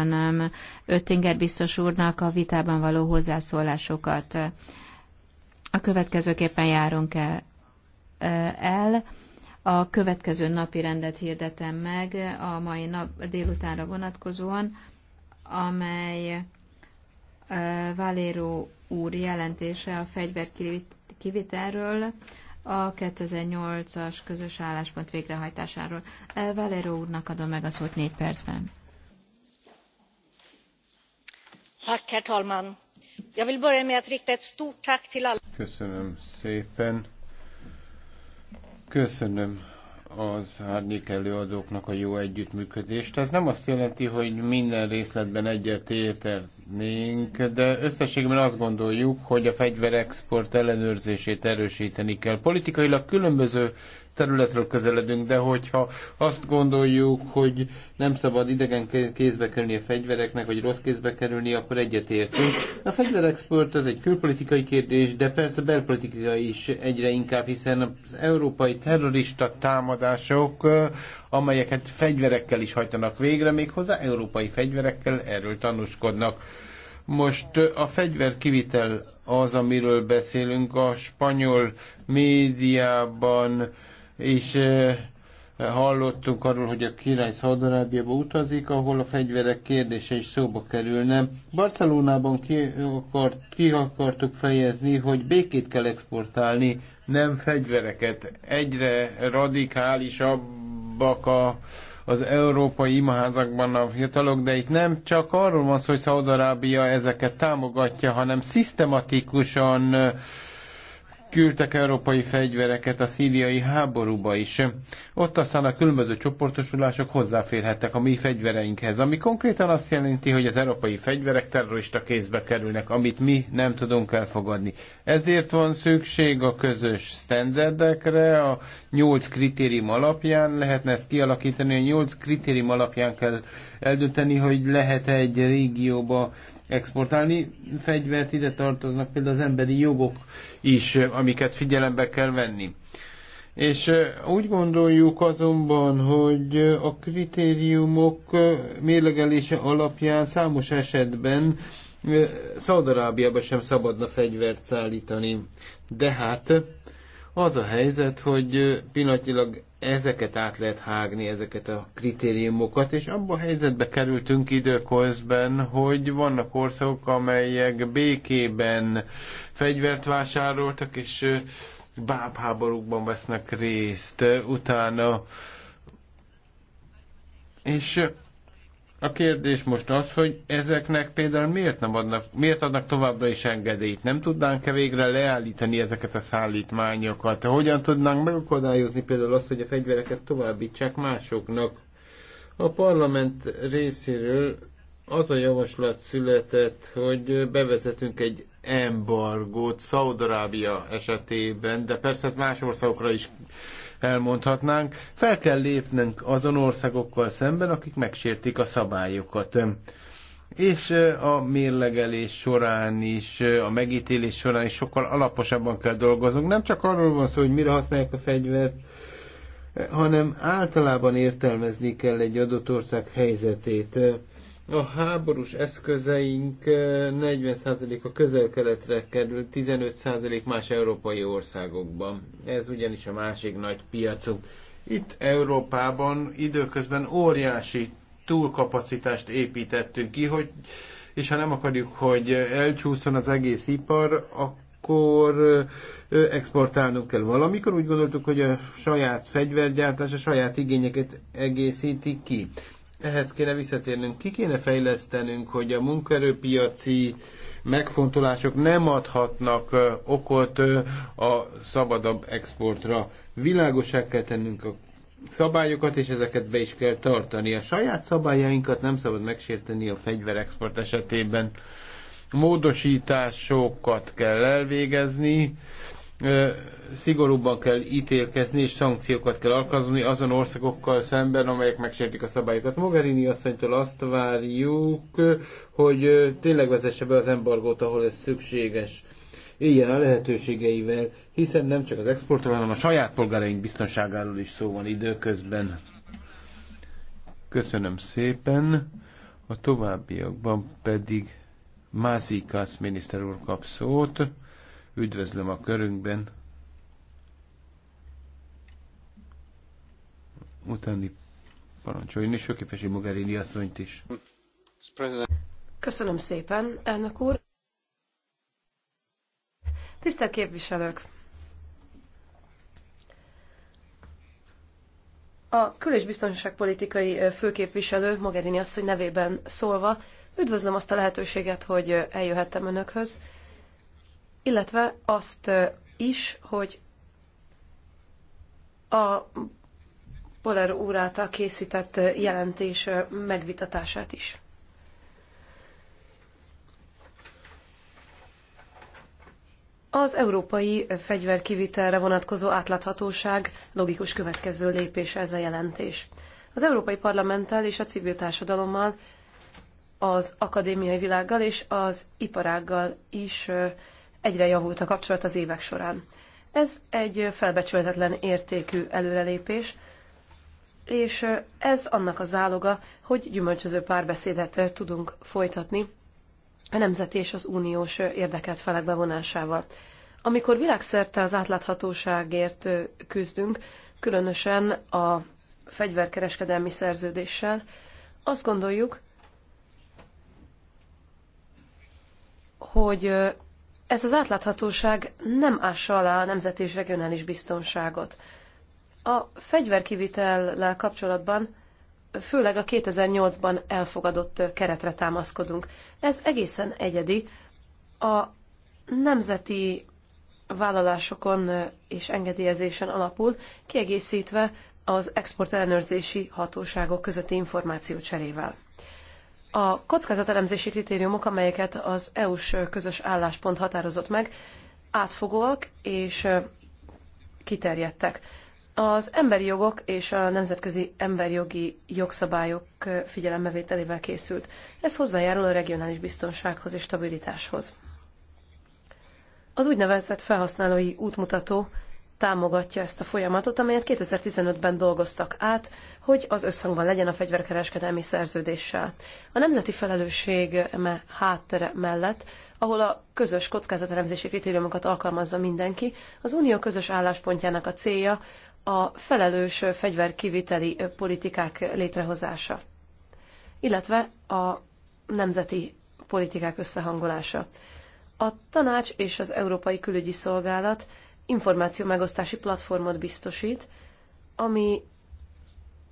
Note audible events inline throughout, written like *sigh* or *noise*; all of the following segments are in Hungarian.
köszönöm Öttinger biztos úrnak a vitában való hozzászólásokat. A következőképpen járunk el. el. A következő napi rendet hirdetem meg a mai nap délutánra vonatkozóan, amely valéro úr jelentése a kivitelről, a 2008-as közös álláspont végrehajtásáról. Valero úrnak adom meg a szót négy percben herr talman! jag vill börja med att rikta ett stort tack till alla. köszönöm Köszönöm az árnyék előadóknak a jó együttműködést. Ez nem azt jelenti, hogy minden részletben egyet értenénk, de összességében azt gondoljuk, hogy a fegyverexport ellenőrzését erősíteni kell. Politikailag különböző területről közeledünk, de hogyha azt gondoljuk, hogy nem szabad idegen kézbe kerülni a fegyvereknek, vagy rossz kézbe kerülni, akkor egyetértünk. A fegyverexport az egy külpolitikai kérdés, de persze belpolitikai is egyre inkább, hiszen az európai terrorista támadások, eh, amelyeket fegyverekkel is hajtanak végre, méghozzá európai fegyverekkel erről tanúskodnak. Most eh, a kivitel az, amiről beszélünk. A spanyol médiában és hallottunk arról, hogy a király Szaudarábiába utazik, ahol a fegyverek kérdése is szóba kerülne. Barcelonában ki, akart, ki akartuk fejezni, hogy békét kell exportálni, nem fegyvereket. Egyre radikálisabbak a, az európai imaházakban a fiatalok, de itt nem csak arról van szó, hogy Szaudarábia ezeket támogatja, hanem szisztematikusan küldtek európai fegyvereket a szíriai háborúba is. Ott aztán a különböző csoportosulások hozzáférhettek a mi fegyvereinkhez, ami konkrétan azt jelenti, hogy az európai fegyverek terrorista kézbe kerülnek, amit mi nem tudunk elfogadni. Ezért van szükség a közös standardekre, a nyolc kritérium alapján lehetne ezt kialakítani, a nyolc kritérium alapján kell eldönteni, hogy lehet -e egy régióba exportálni. Fegyvert ide tartoznak például az emberi jogok is, amiket figyelembe kell venni. És úgy gondoljuk azonban, hogy a kritériumok mérlegelése alapján számos esetben Szaudarábiába sem szabadna fegyvert szállítani. De hát az a helyzet, hogy pillanatilag ezeket át lehet hágni, ezeket a kritériumokat, és abban a helyzetbe kerültünk időközben, hogy vannak országok, amelyek békében fegyvert vásároltak, és bábháborúkban vesznek részt utána. És a kérdés most az, hogy ezeknek például miért nem adnak, miért adnak továbbra is engedélyt? Nem tudnánk-e végre leállítani ezeket a szállítmányokat? Hogyan tudnánk megakadályozni például azt, hogy a fegyvereket továbbítsák másoknak? A parlament részéről az a javaslat született, hogy bevezetünk egy embargót Szaudarábia esetében, de persze ez más országokra is elmondhatnánk. Fel kell lépnünk azon országokkal szemben, akik megsértik a szabályokat. És a mérlegelés során is, a megítélés során is sokkal alaposabban kell dolgoznunk. Nem csak arról van szó, hogy mire használják a fegyvert, hanem általában értelmezni kell egy adott ország helyzetét a háborús eszközeink 40%-a eh, közel-keletre kerül, 15% más európai országokban. Ez ugyanis a másik nagy piacunk. Itt Európában időközben óriási túlkapacitást építettünk ki, hogy, és ha nem akarjuk, hogy elcsúszon az egész ipar, akkor eh, exportálnunk kell. Valamikor úgy gondoltuk, hogy a saját fegyvergyártás a saját igényeket egészíti ki ehhez kéne visszatérnünk. Ki kéne fejlesztenünk, hogy a munkaerőpiaci megfontolások nem adhatnak okot a szabadabb exportra. Világosá kell tennünk a szabályokat, és ezeket be is kell tartani. A saját szabályainkat nem szabad megsérteni a fegyverexport esetében. Módosításokat kell elvégezni, szigorúbban kell ítélkezni, és szankciókat kell alkalmazni azon országokkal szemben, amelyek megsértik a szabályokat. Mogherini asszonytól azt várjuk, hogy tényleg vezesse be az embargót, ahol ez szükséges. Ilyen a lehetőségeivel, hiszen nem csak az exportról, hanem a saját polgáraink biztonságáról is szó van időközben. Köszönöm szépen. A továbbiakban pedig Mázikász miniszter úr kap szót. Üdvözlöm a körünkben. Utáni parancsoljon, és Söképesi Mogherini asszonyt is. Köszönöm szépen, elnök úr. Tisztelt képviselők! A kül- és biztonságpolitikai főképviselő Mogherini asszony nevében szólva üdvözlöm azt a lehetőséget, hogy eljöhettem önökhöz, illetve azt is, hogy a Poler úr által készített jelentés megvitatását is. Az európai fegyverkivitelre vonatkozó átláthatóság logikus következő lépés ez a jelentés. Az Európai Parlamenttel és a civil társadalommal, az akadémiai világgal és az iparággal is egyre javult a kapcsolat az évek során. Ez egy felbecsülhetetlen értékű előrelépés, és ez annak a záloga, hogy gyümölcsöző párbeszédet tudunk folytatni a nemzeti és az uniós érdekelt felek bevonásával. Amikor világszerte az átláthatóságért küzdünk, különösen a fegyverkereskedelmi szerződéssel, azt gondoljuk, hogy ez az átláthatóság nem ássa alá a nemzeti és regionális biztonságot. A fegyverkivitellel kapcsolatban főleg a 2008-ban elfogadott keretre támaszkodunk. Ez egészen egyedi. A nemzeti vállalásokon és engedélyezésen alapul, kiegészítve az exportellenőrzési hatóságok közötti információcserével. A kockázatelemzési kritériumok, amelyeket az EU-s közös álláspont határozott meg, átfogóak és kiterjedtek. Az emberi jogok és a nemzetközi emberi jogi jogszabályok figyelembevételével készült. Ez hozzájárul a regionális biztonsághoz és stabilitáshoz. Az úgynevezett felhasználói útmutató támogatja ezt a folyamatot, amelyet 2015-ben dolgoztak át, hogy az összhangban legyen a fegyverkereskedelmi szerződéssel. A nemzeti felelősség me háttere mellett, ahol a közös kockázatelemzési kritériumokat alkalmazza mindenki, az unió közös álláspontjának a célja a felelős fegyverkiviteli politikák létrehozása, illetve a nemzeti politikák összehangolása. A tanács és az Európai Külügyi Szolgálat információ megosztási platformot biztosít, ami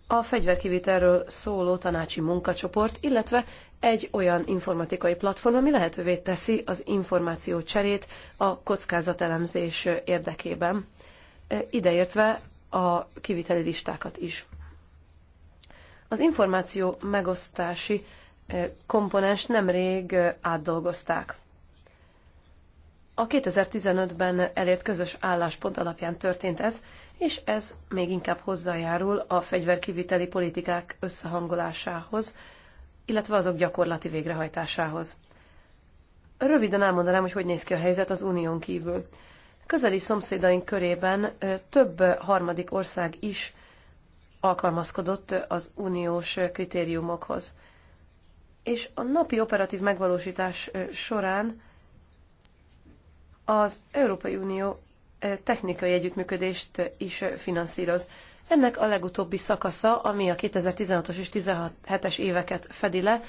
a fegyverkivitelről szóló tanácsi munkacsoport, illetve egy olyan informatikai platform, ami lehetővé teszi az információ cserét a kockázatelemzés érdekében, e, ideértve a kiviteli listákat is. Az információ megosztási e, komponens nemrég e, átdolgozták. A 2015-ben elért közös álláspont alapján történt ez, és ez még inkább hozzájárul a fegyverkiviteli politikák összehangolásához, illetve azok gyakorlati végrehajtásához. Röviden elmondanám, hogy hogy néz ki a helyzet az unión kívül. Közeli szomszédaink körében több harmadik ország is alkalmazkodott az uniós kritériumokhoz. És a napi operatív megvalósítás során az Európai Unió technikai együttműködést is finanszíroz. Ennek a legutóbbi szakasza, ami a 2016-os és 2017-es éveket fedi le,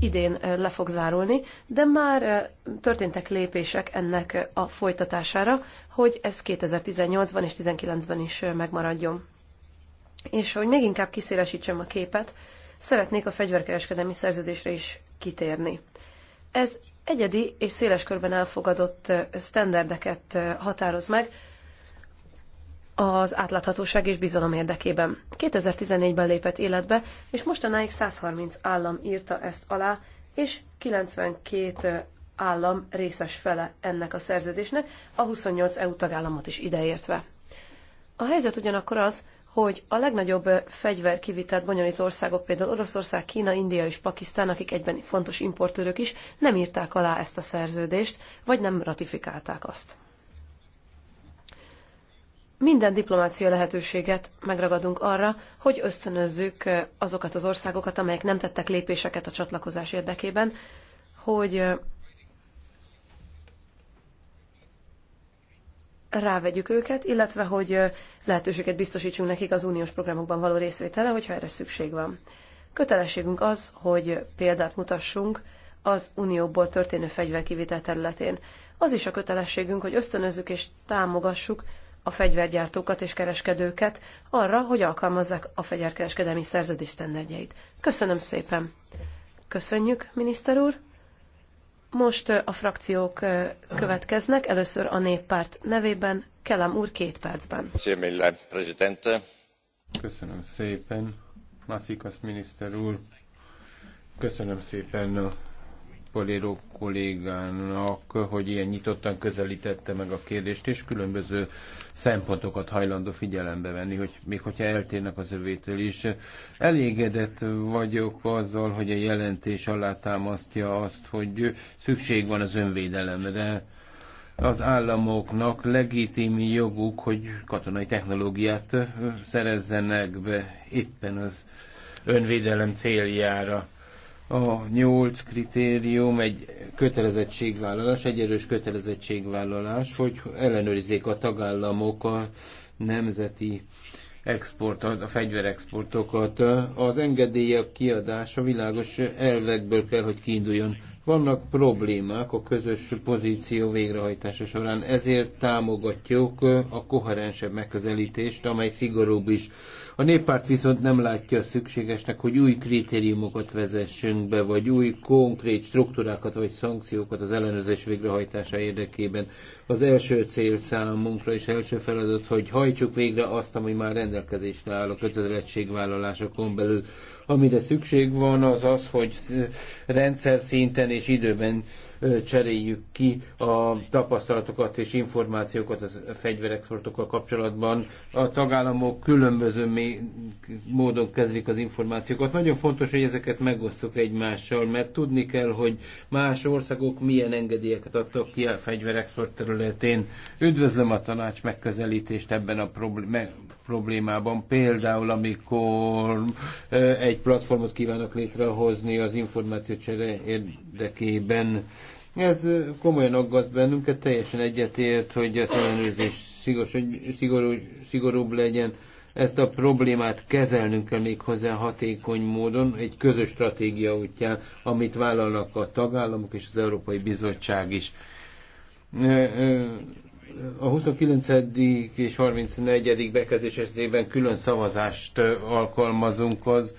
idén le fog zárulni, de már történtek lépések ennek a folytatására, hogy ez 2018-ban és 2019-ben is megmaradjon. És hogy még inkább kiszélesítsem a képet, szeretnék a fegyverkereskedelmi szerződésre is kitérni. Ez egyedi és széles körben elfogadott sztenderdeket határoz meg az átláthatóság és bizalom érdekében. 2014-ben lépett életbe, és mostanáig 130 állam írta ezt alá, és 92 állam részes fele ennek a szerződésnek, a 28 EU tagállamot is ideértve. A helyzet ugyanakkor az, hogy a legnagyobb fegyverkivitelt bonyolító országok, például Oroszország, Kína, India és Pakisztán, akik egyben fontos importőrök is, nem írták alá ezt a szerződést, vagy nem ratifikálták azt. Minden diplomácia lehetőséget megragadunk arra, hogy ösztönözzük azokat az országokat, amelyek nem tettek lépéseket a csatlakozás érdekében, hogy rávegyük őket, illetve hogy lehetőséget biztosítsunk nekik az uniós programokban való részvétele, hogyha erre szükség van. Kötelességünk az, hogy példát mutassunk az unióból történő fegyverkivitel területén. Az is a kötelességünk, hogy ösztönözzük és támogassuk a fegyvergyártókat és kereskedőket arra, hogy alkalmazzák a fegyverkereskedelmi szerződés sztenderdjeit. Köszönöm szépen! Köszönjük, miniszter úr! Most a frakciók következnek, először a néppárt nevében Kellem úr két percben. Köszönöm szépen, Maszikas miniszter úr. Köszönöm szépen a Poléró kollégának, hogy ilyen nyitottan közelítette meg a kérdést, és különböző szempontokat hajlandó figyelembe venni, hogy még hogyha eltérnek az övétől is. Elégedett vagyok azzal, hogy a jelentés alátámasztja azt, hogy szükség van az önvédelemre, az államoknak legitim joguk, hogy katonai technológiát szerezzenek be éppen az önvédelem céljára. A nyolc kritérium egy kötelezettségvállalás, egy erős kötelezettségvállalás, hogy ellenőrizzék a tagállamok a nemzeti export, a fegyverexportokat. Az engedélyek kiadása világos elvekből kell, hogy kiinduljon. Vannak problémák a közös pozíció végrehajtása során, ezért támogatjuk a koherensebb megközelítést, amely szigorúbb is. A néppárt viszont nem látja szükségesnek, hogy új kritériumokat vezessünk be, vagy új konkrét struktúrákat vagy szankciókat az ellenőrzés végrehajtása érdekében. Az első cél számunkra és első feladat, hogy hajtsuk végre azt, ami már rendelkezésre áll a kötelezettségvállalásokon belül. Amire szükség van, az az, hogy rendszer szinten és időben cseréljük ki a tapasztalatokat és információkat a fegyverexportokkal kapcsolatban. A tagállamok különböző módon kezelik az információkat. Nagyon fontos, hogy ezeket megosztjuk egymással, mert tudni kell, hogy más országok milyen engedélyeket adtak ki a fegyverexport területén. Üdvözlöm a tanács megközelítést ebben a problémában. Például, amikor egy platformot kívánok létrehozni az információcsere érdekében, ez komolyan aggaszt bennünket, teljesen egyetért, hogy az ellenőrzés szigorú, szigorúbb legyen. Ezt a problémát kezelnünk kell még hozzá hatékony módon, egy közös stratégia útján, amit vállalnak a tagállamok és az Európai Bizottság is. A 29. és 34. bekezdés esetében külön szavazást alkalmazunk az,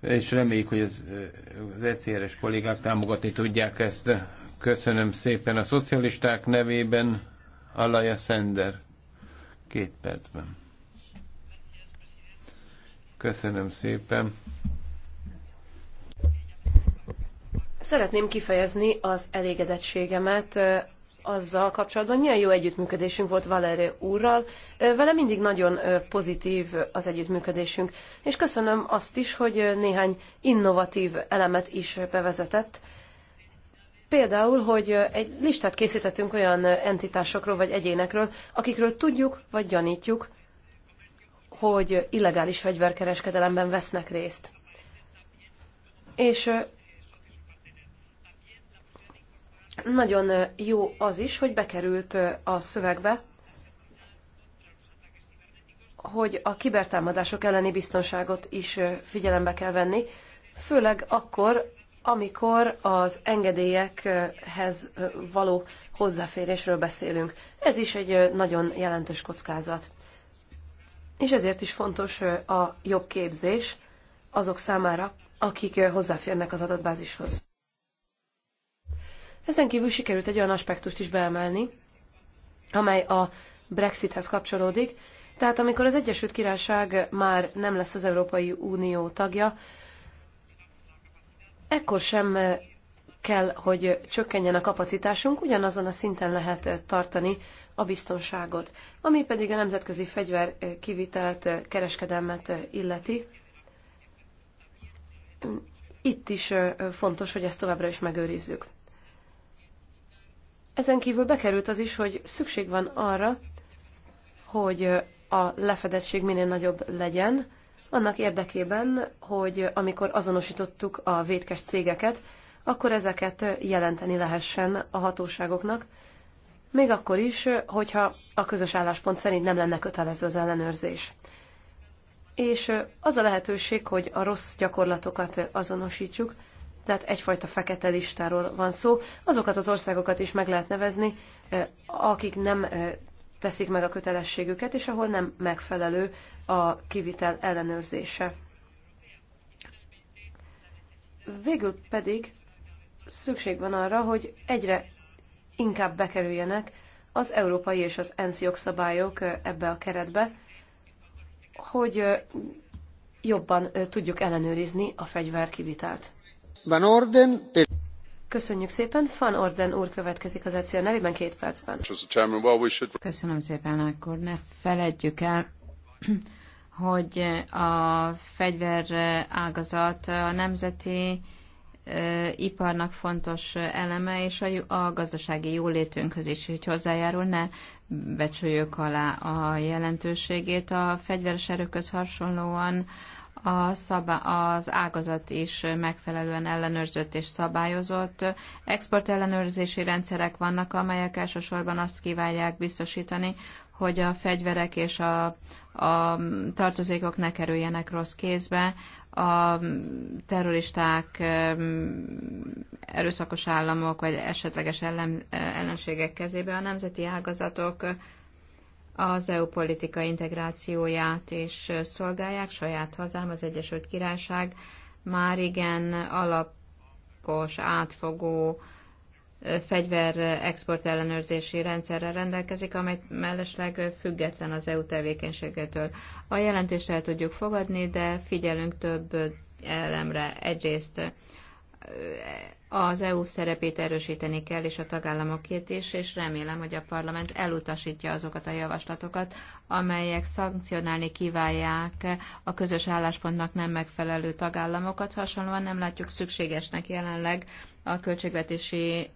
és reméljük, hogy az, az ECR-es kollégák támogatni tudják ezt. Köszönöm szépen. A szocialisták nevében Alaja Szender. Két percben. Köszönöm szépen. Szeretném kifejezni az elégedettségemet azzal kapcsolatban, milyen jó együttműködésünk volt Valeré úrral. Vele mindig nagyon pozitív az együttműködésünk, és köszönöm azt is, hogy néhány innovatív elemet is bevezetett, Például, hogy egy listát készítettünk olyan entitásokról vagy egyénekről, akikről tudjuk vagy gyanítjuk, hogy illegális fegyverkereskedelemben vesznek részt. És nagyon jó az is, hogy bekerült a szövegbe, hogy a kibertámadások elleni biztonságot is figyelembe kell venni, főleg akkor, amikor az engedélyekhez való hozzáférésről beszélünk. Ez is egy nagyon jelentős kockázat. És ezért is fontos a jobb képzés azok számára, akik hozzáférnek az adatbázishoz. Ezen kívül sikerült egy olyan aspektust is beemelni, amely a Brexithez kapcsolódik, tehát amikor az Egyesült Királyság már nem lesz az Európai Unió tagja, Ekkor sem kell, hogy csökkenjen a kapacitásunk, ugyanazon a szinten lehet tartani a biztonságot. Ami pedig a nemzetközi fegyver kivitelt kereskedelmet illeti, itt is fontos, hogy ezt továbbra is megőrizzük. Ezen kívül bekerült az is, hogy szükség van arra, hogy a lefedettség minél nagyobb legyen, annak érdekében, hogy amikor azonosítottuk a vétkes cégeket, akkor ezeket jelenteni lehessen a hatóságoknak, még akkor is, hogyha a közös álláspont szerint nem lenne kötelező az ellenőrzés. És az a lehetőség, hogy a rossz gyakorlatokat azonosítsuk, tehát egyfajta fekete listáról van szó. Azokat az országokat is meg lehet nevezni, akik nem teszik meg a kötelességüket, és ahol nem megfelelő a kivitel ellenőrzése. Végül pedig szükség van arra, hogy egyre inkább bekerüljenek az európai és az ENSZ jogszabályok ebbe a keretbe, hogy jobban tudjuk ellenőrizni a fegyverkivitelt. Van Orden, Köszönjük szépen. Van Orden úr következik az ECIA nevében két percben. Köszönöm szépen, akkor ne feledjük el, hogy a fegyver ágazat a nemzeti iparnak fontos eleme, és a, a gazdasági jólétünkhöz is így hozzájárul, ne becsüljük alá a jelentőségét. A fegyveres erőköz hasonlóan a szabá az ágazat is megfelelően ellenőrzött és szabályozott. Export ellenőrzési rendszerek vannak, amelyek elsősorban azt kívánják biztosítani, hogy a fegyverek és a, a tartozékok ne kerüljenek rossz kézbe, a terroristák, erőszakos államok vagy esetleges ellen, ellenségek kezébe a nemzeti ágazatok az EU politika integrációját is szolgálják. Saját hazám, az Egyesült Királyság már igen alapos, átfogó fegyver export ellenőrzési rendszerre rendelkezik, amely mellesleg független az EU tevékenységétől. A jelentést el tudjuk fogadni, de figyelünk több elemre. Egyrészt az EU szerepét erősíteni kell, és a tagállamokét is, és remélem, hogy a parlament elutasítja azokat a javaslatokat, amelyek szankcionálni kívánják a közös álláspontnak nem megfelelő tagállamokat. Hasonlóan nem látjuk szükségesnek jelenleg a költségvetési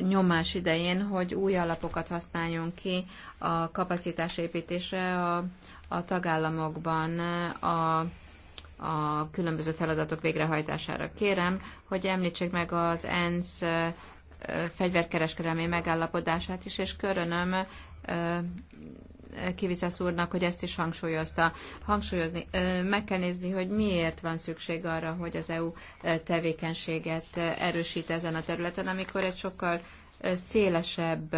nyomás idején, hogy új alapokat használjunk ki a kapacitásépítésre a, a tagállamokban, a a különböző feladatok végrehajtására. Kérem, hogy említsék meg az ENSZ fegyverkereskedelmi megállapodását is, és körönöm Kivizesz úrnak, hogy ezt is hangsúlyozta. Hangsúlyozni, meg kell nézni, hogy miért van szükség arra, hogy az EU tevékenységet erősít ezen a területen, amikor egy sokkal szélesebb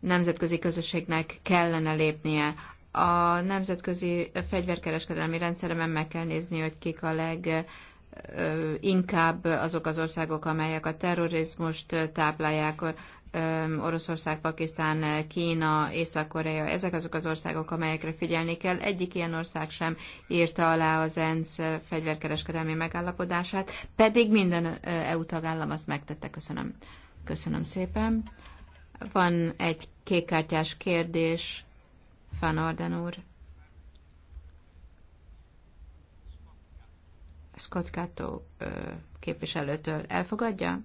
nemzetközi közösségnek kellene lépnie a nemzetközi fegyverkereskedelmi rendszeremen meg kell nézni, hogy kik a leg inkább azok az országok, amelyek a terrorizmust táplálják, Oroszország, Pakisztán, Kína, Észak-Korea, ezek azok az országok, amelyekre figyelni kell. Egyik ilyen ország sem írta alá az ENSZ fegyverkereskedelmi megállapodását, pedig minden EU tagállam azt megtette. Köszönöm. Köszönöm szépen. Van egy kékkártyás kérdés Fanarden úr. Scott Cato képviselőtől elfogadja?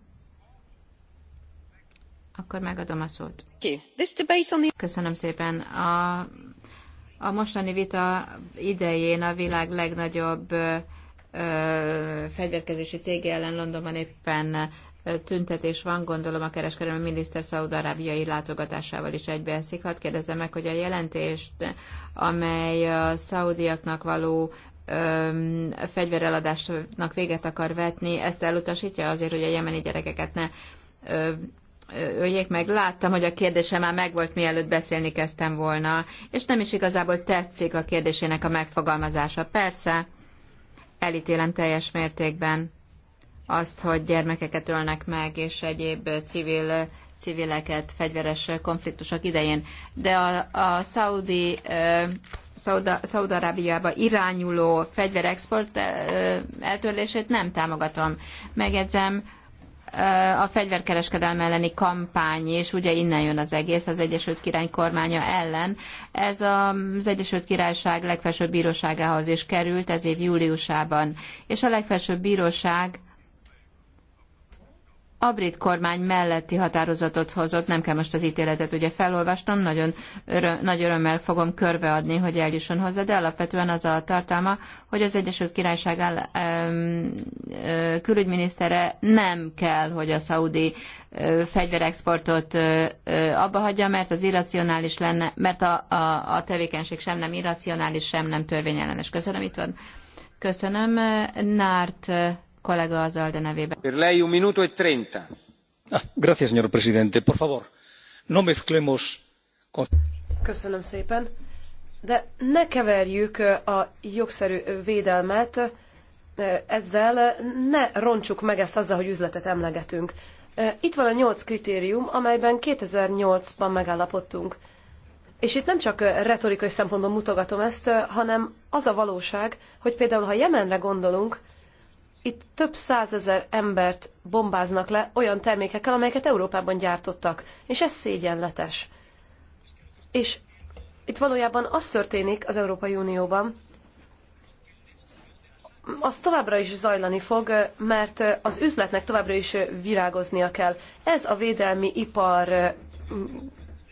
Akkor megadom a szót. Köszönöm szépen. A, a mostani vita idején a világ legnagyobb ö, fegyverkezési cége ellen Londonban éppen tüntetés van, gondolom a kereskedelmi miniszter szaudarábiai látogatásával is egybeeszik. Hadd kérdezem meg, hogy a jelentést, amely a szaudiaknak való öm, fegyvereladásnak véget akar vetni, ezt elutasítja azért, hogy a jemeni gyerekeket ne öm, öljék meg. Láttam, hogy a kérdése már megvolt, mielőtt beszélni kezdtem volna, és nem is igazából tetszik a kérdésének a megfogalmazása. Persze, elítélem teljes mértékben azt, hogy gyermekeket ölnek meg, és egyéb civil civileket fegyveres konfliktusok idején. De a, a Szaudi, Szaudarábiába irányuló fegyverexport eltörlését nem támogatom. Megjegyzem, a fegyverkereskedelm elleni kampány, és ugye innen jön az egész, az Egyesült Király kormánya ellen. Ez az Egyesült Királyság legfelsőbb bíróságához is került ez év júliusában, és a legfelsőbb bíróság a brit kormány melletti határozatot hozott, nem kell most az ítéletet, ugye felolvastam, nagyon öröm, nagy örömmel fogom körbeadni, hogy eljusson hozzá, de alapvetően az a tartalma, hogy az Egyesült Királyság áll, ö, ö, külügyminisztere nem kell, hogy a szaudi fegyverexportot abba hagyja, mert az irracionális lenne, mert a, a, a tevékenység sem nem irracionális, sem nem törvényellenes. Köszönöm, itt van. Köszönöm, Nárt E ah, señor presidente. Por favor, no mezclemos... Köszönöm szépen. De ne keverjük eh, a jogszerű eh, védelmet eh, ezzel, ne rontsuk meg ezt azzal, hogy üzletet emlegetünk. Itt van a nyolc kritérium, amelyben 2008-ban megállapodtunk. És itt nem csak retorikai szempontból mutogatom ezt, hanem az a valóság, hogy például ha Jemenre gondolunk, itt több százezer embert bombáznak le olyan termékekkel, amelyeket Európában gyártottak, és ez szégyenletes. És itt valójában az történik az Európai Unióban, az továbbra is zajlani fog, mert az üzletnek továbbra is virágoznia kell. Ez a védelmi ipar mm,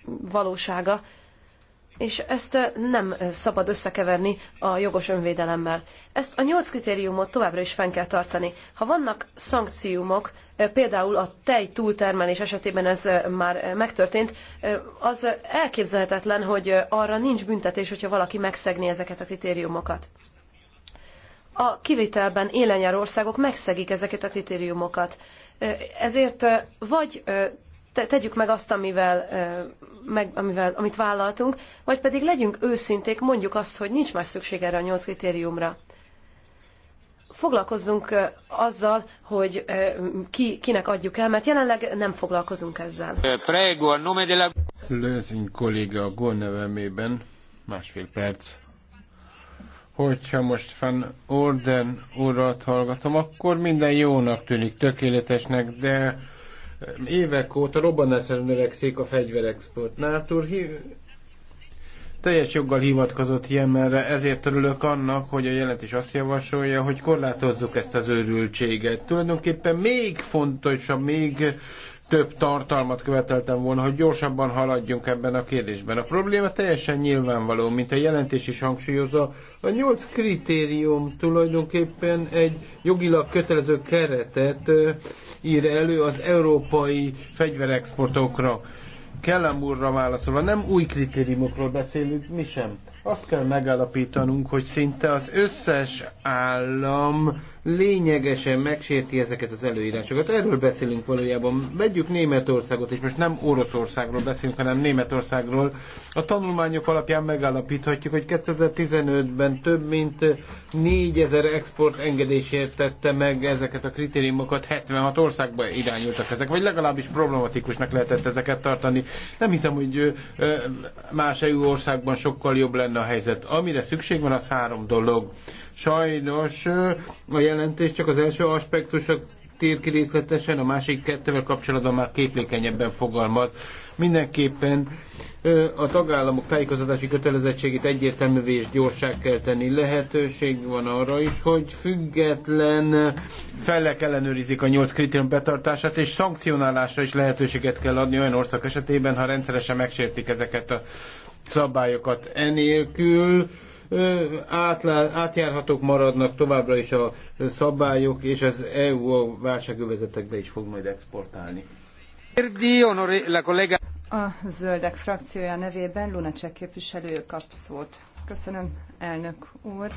valósága, és ezt nem szabad összekeverni a jogos önvédelemmel. Ezt a nyolc kritériumot továbbra is fenn kell tartani. Ha vannak szankciumok, például a tej túltermelés esetében ez már megtörtént, az elképzelhetetlen, hogy arra nincs büntetés, hogyha valaki megszegni ezeket a kritériumokat. A kivételben élenjáró országok megszegik ezeket a kritériumokat. Ezért vagy te, tegyük meg azt, amivel, meg, amivel, amit vállaltunk, vagy pedig legyünk őszinték, mondjuk azt, hogy nincs más szükség erre a nyolc kritériumra. Foglalkozzunk azzal, hogy ki, kinek adjuk el, mert jelenleg nem foglalkozunk ezzel. Prego, a nome della... Lőzing kolléga a gól nevemében, másfél perc hogyha most Van Orden urat hallgatom, akkor minden jónak tűnik, tökéletesnek, de Évek óta robbanásszerűen növekszik a fegyverexport. Nártúr teljes joggal hivatkozott Jemenre, ezért örülök annak, hogy a jelentés azt javasolja, hogy korlátozzuk ezt az őrültséget. Tulajdonképpen még fontosabb, még több tartalmat követeltem volna, hogy gyorsabban haladjunk ebben a kérdésben. A probléma teljesen nyilvánvaló, mint a jelentés is hangsúlyozza. A nyolc kritérium tulajdonképpen egy jogilag kötelező keretet ír elő az európai fegyverexportokra. Kellem úrra válaszolva, nem új kritériumokról beszélünk, mi sem. Azt kell megállapítanunk, hogy szinte az összes állam lényegesen megsérti ezeket az előírásokat. Erről beszélünk valójában. Vegyük Németországot, és most nem Oroszországról beszélünk, hanem Németországról. A tanulmányok alapján megállapíthatjuk, hogy 2015-ben több mint 4000 export engedésért tette meg ezeket a kritériumokat, 76 országba irányultak ezek, vagy legalábbis problematikusnak lehetett ezeket tartani. Nem hiszem, hogy más EU országban sokkal jobb lenne a helyzet. Amire szükség van, az három dolog Sajnos a jelentés csak az első aspektusok tér ki részletesen, a másik kettővel kapcsolatban már képlékenyebben fogalmaz. Mindenképpen a tagállamok tájékoztatási kötelezettségét egyértelművé és gyorsá kell tenni. Lehetőség van arra is, hogy független felek ellenőrizik a nyolc kritérium betartását, és szankcionálásra is lehetőséget kell adni olyan ország esetében, ha rendszeresen megsértik ezeket a szabályokat. Enélkül átlá, átjárhatók maradnak továbbra is a szabályok, és az EU a válságövezetekbe is fog majd exportálni. A zöldek frakciója nevében Lunacek képviselő kap szót. Köszönöm, elnök úr,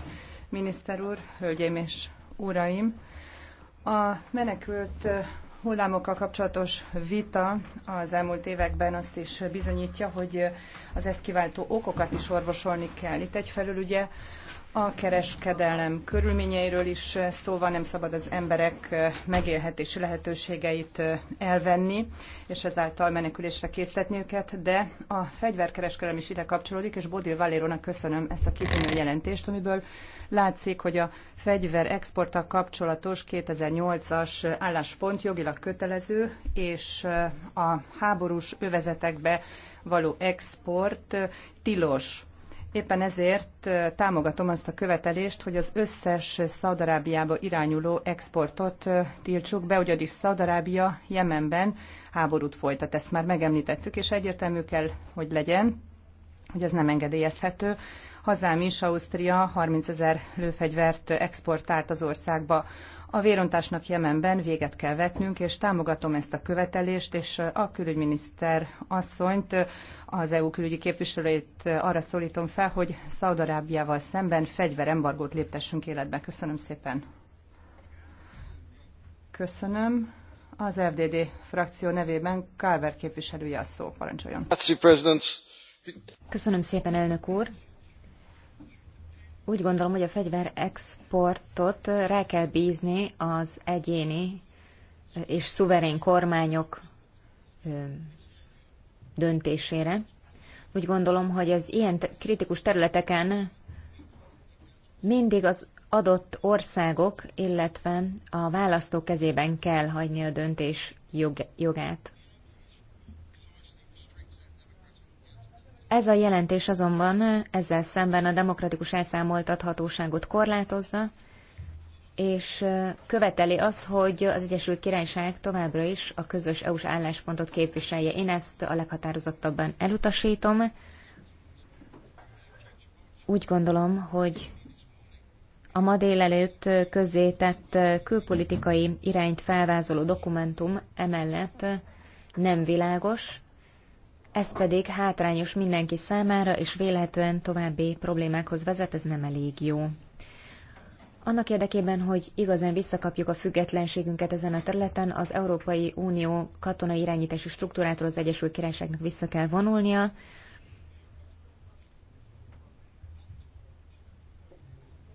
miniszter úr, hölgyeim és uraim! A menekült hullámokkal kapcsolatos vita az elmúlt években azt is bizonyítja, hogy az ezt kiváltó okokat is orvosolni kell. Itt egyfelől ugye a kereskedelem körülményeiről is szó van, nem szabad az emberek megélhetési lehetőségeit elvenni, és ezáltal menekülésre készíteni őket, de a fegyverkereskedelem is ide kapcsolódik, és Bodil Valérónak köszönöm ezt a kitűnő jelentést, amiből látszik, hogy a fegyver exporta kapcsolatos 2008-as álláspont jogilag kötelező, és a háborús övezetekbe való export tilos Éppen ezért támogatom azt a követelést, hogy az összes Szaudarábiába irányuló exportot tiltsuk be, ugyanis Szaudarábia Jemenben háborút folytat, ezt már megemlítettük, és egyértelmű kell, hogy legyen, hogy ez nem engedélyezhető. Hazám is, Ausztria 30 ezer lőfegyvert exportált az országba. A vérontásnak Jemenben véget kell vetnünk, és támogatom ezt a követelést, és a külügyminiszter asszonyt, az EU külügyi képviselőjét arra szólítom fel, hogy Szaudarábiával szemben fegyverembargót léptessünk életbe. Köszönöm szépen. Köszönöm. Az FDD frakció nevében Kárver képviselője a szó. Parancsoljon. Köszönöm szépen, elnök úr. Úgy gondolom, hogy a fegyver exportot rá kell bízni az egyéni és szuverén kormányok döntésére. Úgy gondolom, hogy az ilyen kritikus területeken mindig az adott országok, illetve a választók kezében kell hagyni a döntés jogát. Ez a jelentés azonban ezzel szemben a demokratikus elszámoltathatóságot korlátozza, és követeli azt, hogy az Egyesült Királyság továbbra is a közös EU-s álláspontot képviselje. Én ezt a leghatározottabban elutasítom. Úgy gondolom, hogy a ma délelőtt közzétett külpolitikai irányt felvázoló dokumentum emellett nem világos, ez pedig hátrányos mindenki számára, és vélhetően további problémákhoz vezet, ez nem elég jó. Annak érdekében, hogy igazán visszakapjuk a függetlenségünket ezen a területen, az Európai Unió katonai irányítási struktúrától az Egyesült Királyságnak vissza kell vonulnia.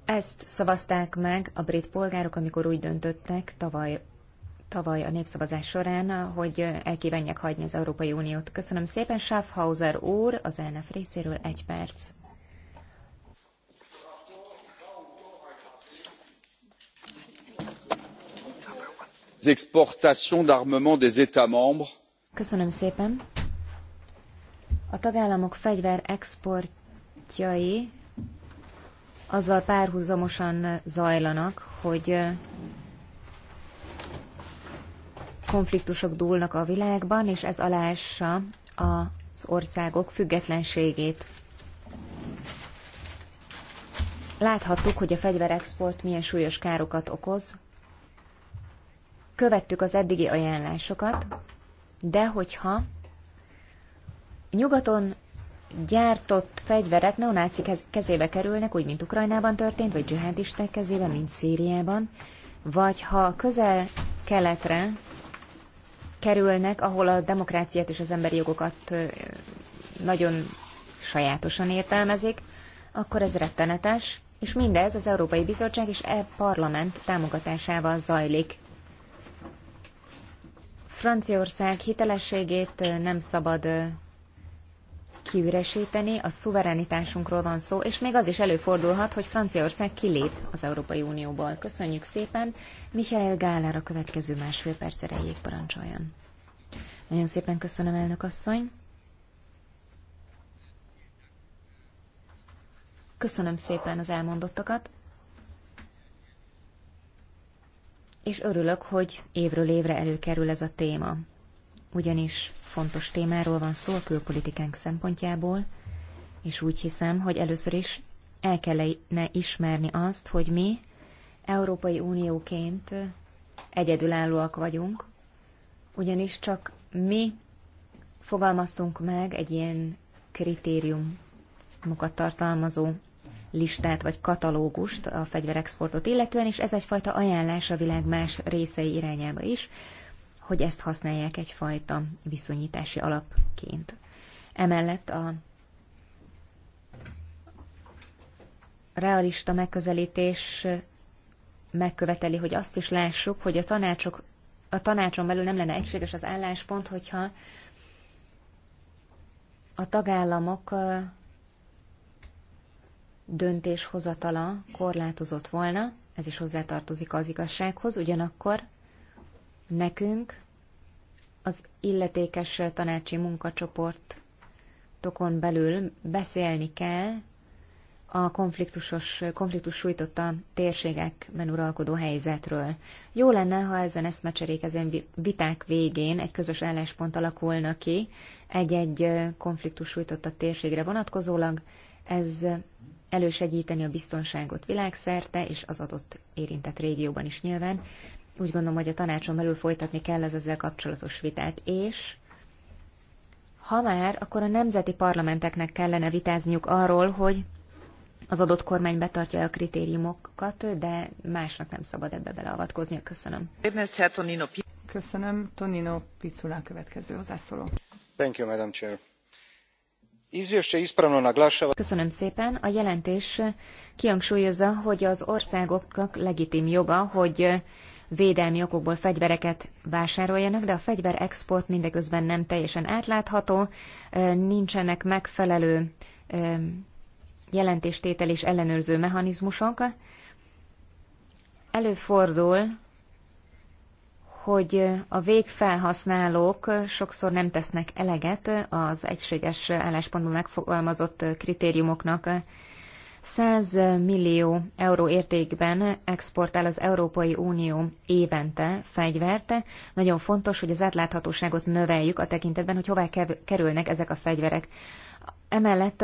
Ezt szavazták meg a brit polgárok, amikor úgy döntöttek tavaly tavaly a népszavazás során, hogy elkívánják hagyni az Európai Uniót. Köszönöm szépen, Schaffhauser úr, az elnök részéről egy perc. exportations d'armement des États membres. Köszönöm szépen. A tagállamok fegyver exportjai azzal párhuzamosan zajlanak, hogy konfliktusok dúlnak a világban, és ez alássa az országok függetlenségét. Láthattuk, hogy a fegyverexport milyen súlyos károkat okoz. Követtük az eddigi ajánlásokat, de hogyha nyugaton gyártott fegyverek neonáci kezébe kerülnek, úgy, mint Ukrajnában történt, vagy dzsihadisták kezébe, mint Szíriában, vagy ha közel keletre kerülnek, ahol a demokráciát és az emberi jogokat nagyon sajátosan értelmezik, akkor ez rettenetes, és mindez az Európai Bizottság és e parlament támogatásával zajlik. Franciaország hitelességét nem szabad kiüresíteni, a szuverenitásunkról van szó, és még az is előfordulhat, hogy Franciaország kilép az Európai Unióból. Köszönjük szépen. Michael Gálár a következő másfél perc erejéig parancsoljon. Nagyon szépen köszönöm, elnök asszony. Köszönöm szépen az elmondottakat. És örülök, hogy évről évre előkerül ez a téma ugyanis fontos témáról van szó a külpolitikánk szempontjából, és úgy hiszem, hogy először is el kellene ismerni azt, hogy mi Európai Unióként egyedülállóak vagyunk, ugyanis csak mi fogalmaztunk meg egy ilyen kritériumokat tartalmazó listát vagy katalógust a fegyverexportot illetően, és ez egyfajta ajánlás a világ más részei irányába is hogy ezt használják egyfajta viszonyítási alapként. Emellett a realista megközelítés megköveteli, hogy azt is lássuk, hogy a, tanácsok, a tanácson belül nem lenne egységes az álláspont, hogyha a tagállamok döntéshozatala korlátozott volna, ez is hozzátartozik az igazsághoz, ugyanakkor Nekünk az illetékes tanácsi munkacsoportokon belül beszélni kell a konfliktusos, konfliktus sújtotta térségek menuralkodó helyzetről. Jó lenne, ha ezen eszmecserék, ezen viták végén egy közös álláspont alakulna ki egy-egy konfliktus sújtotta térségre vonatkozólag, ez elősegíteni a biztonságot világszerte és az adott érintett régióban is nyilván, úgy gondolom, hogy a tanácson belül folytatni kell az ezzel kapcsolatos vitát, és ha már, akkor a nemzeti parlamenteknek kellene vitázniuk arról, hogy az adott kormány betartja a kritériumokat, de másnak nem szabad ebbe beleavatkozni. Köszönöm. Köszönöm. Tonino Picula következő hozzászóló. Thank you, Madam Chair. Köszönöm szépen. A jelentés kihangsúlyozza, hogy az országoknak legitim joga, hogy védelmi okokból fegyvereket vásároljanak, de a fegyver export mindeközben nem teljesen átlátható, nincsenek megfelelő jelentéstétel és ellenőrző mechanizmusok. Előfordul, hogy a végfelhasználók sokszor nem tesznek eleget az egységes álláspontban megfogalmazott kritériumoknak. 100 millió euró értékben exportál az Európai Unió évente fegyvert. Nagyon fontos, hogy az átláthatóságot növeljük a tekintetben, hogy hová kerülnek ezek a fegyverek. Emellett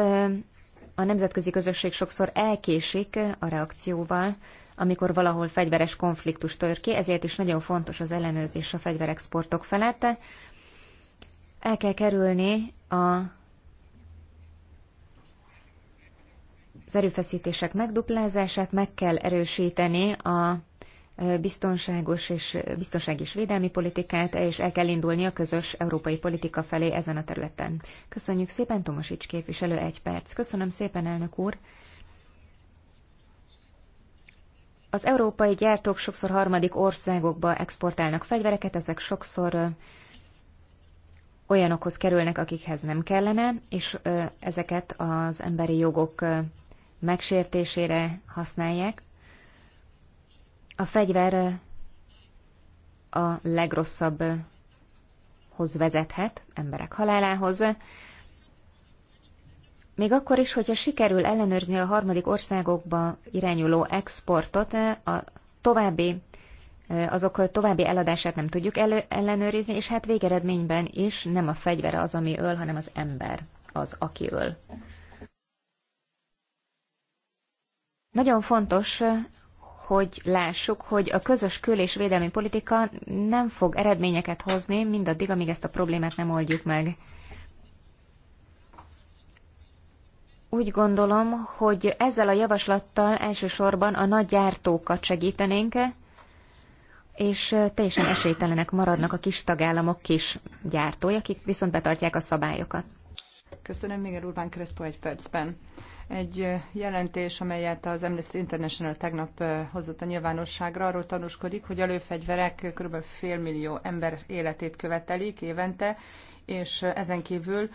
a nemzetközi közösség sokszor elkésik a reakcióval, amikor valahol fegyveres konfliktus tör ki, ezért is nagyon fontos az ellenőrzés a fegyverexportok felette. El kell kerülni a az erőfeszítések megduplázását meg kell erősíteni a e, biztonságos és e, biztonság és védelmi politikát, és el kell indulni a közös európai politika felé ezen a területen. Köszönjük szépen, Tomasics képviselő, egy perc. Köszönöm szépen, elnök úr. Az európai gyártók sokszor harmadik országokba exportálnak fegyvereket, ezek sokszor e, olyanokhoz kerülnek, akikhez nem kellene, és ezeket az emberi jogok megsértésére használják. A fegyver a legrosszabbhoz vezethet, emberek halálához. Még akkor is, hogyha sikerül ellenőrizni a harmadik országokba irányuló exportot, a további, azok további eladását nem tudjuk elő, ellenőrizni, és hát végeredményben is nem a fegyvere az, ami öl, hanem az ember az, aki öl. Nagyon fontos, hogy lássuk, hogy a közös kül- és védelmi politika nem fog eredményeket hozni, mindaddig, amíg ezt a problémát nem oldjuk meg. Úgy gondolom, hogy ezzel a javaslattal elsősorban a nagy gyártókat segítenénk, és teljesen esélytelenek maradnak a kis tagállamok kis gyártói, akik viszont betartják a szabályokat. Köszönöm, Miguel Urbán Crespo egy percben. Egy jelentés, amelyet az Amnesty International tegnap hozott a nyilvánosságra, arról tanúskodik, hogy a lőfegyverek kb. félmillió ember életét követelik évente, és ezen kívül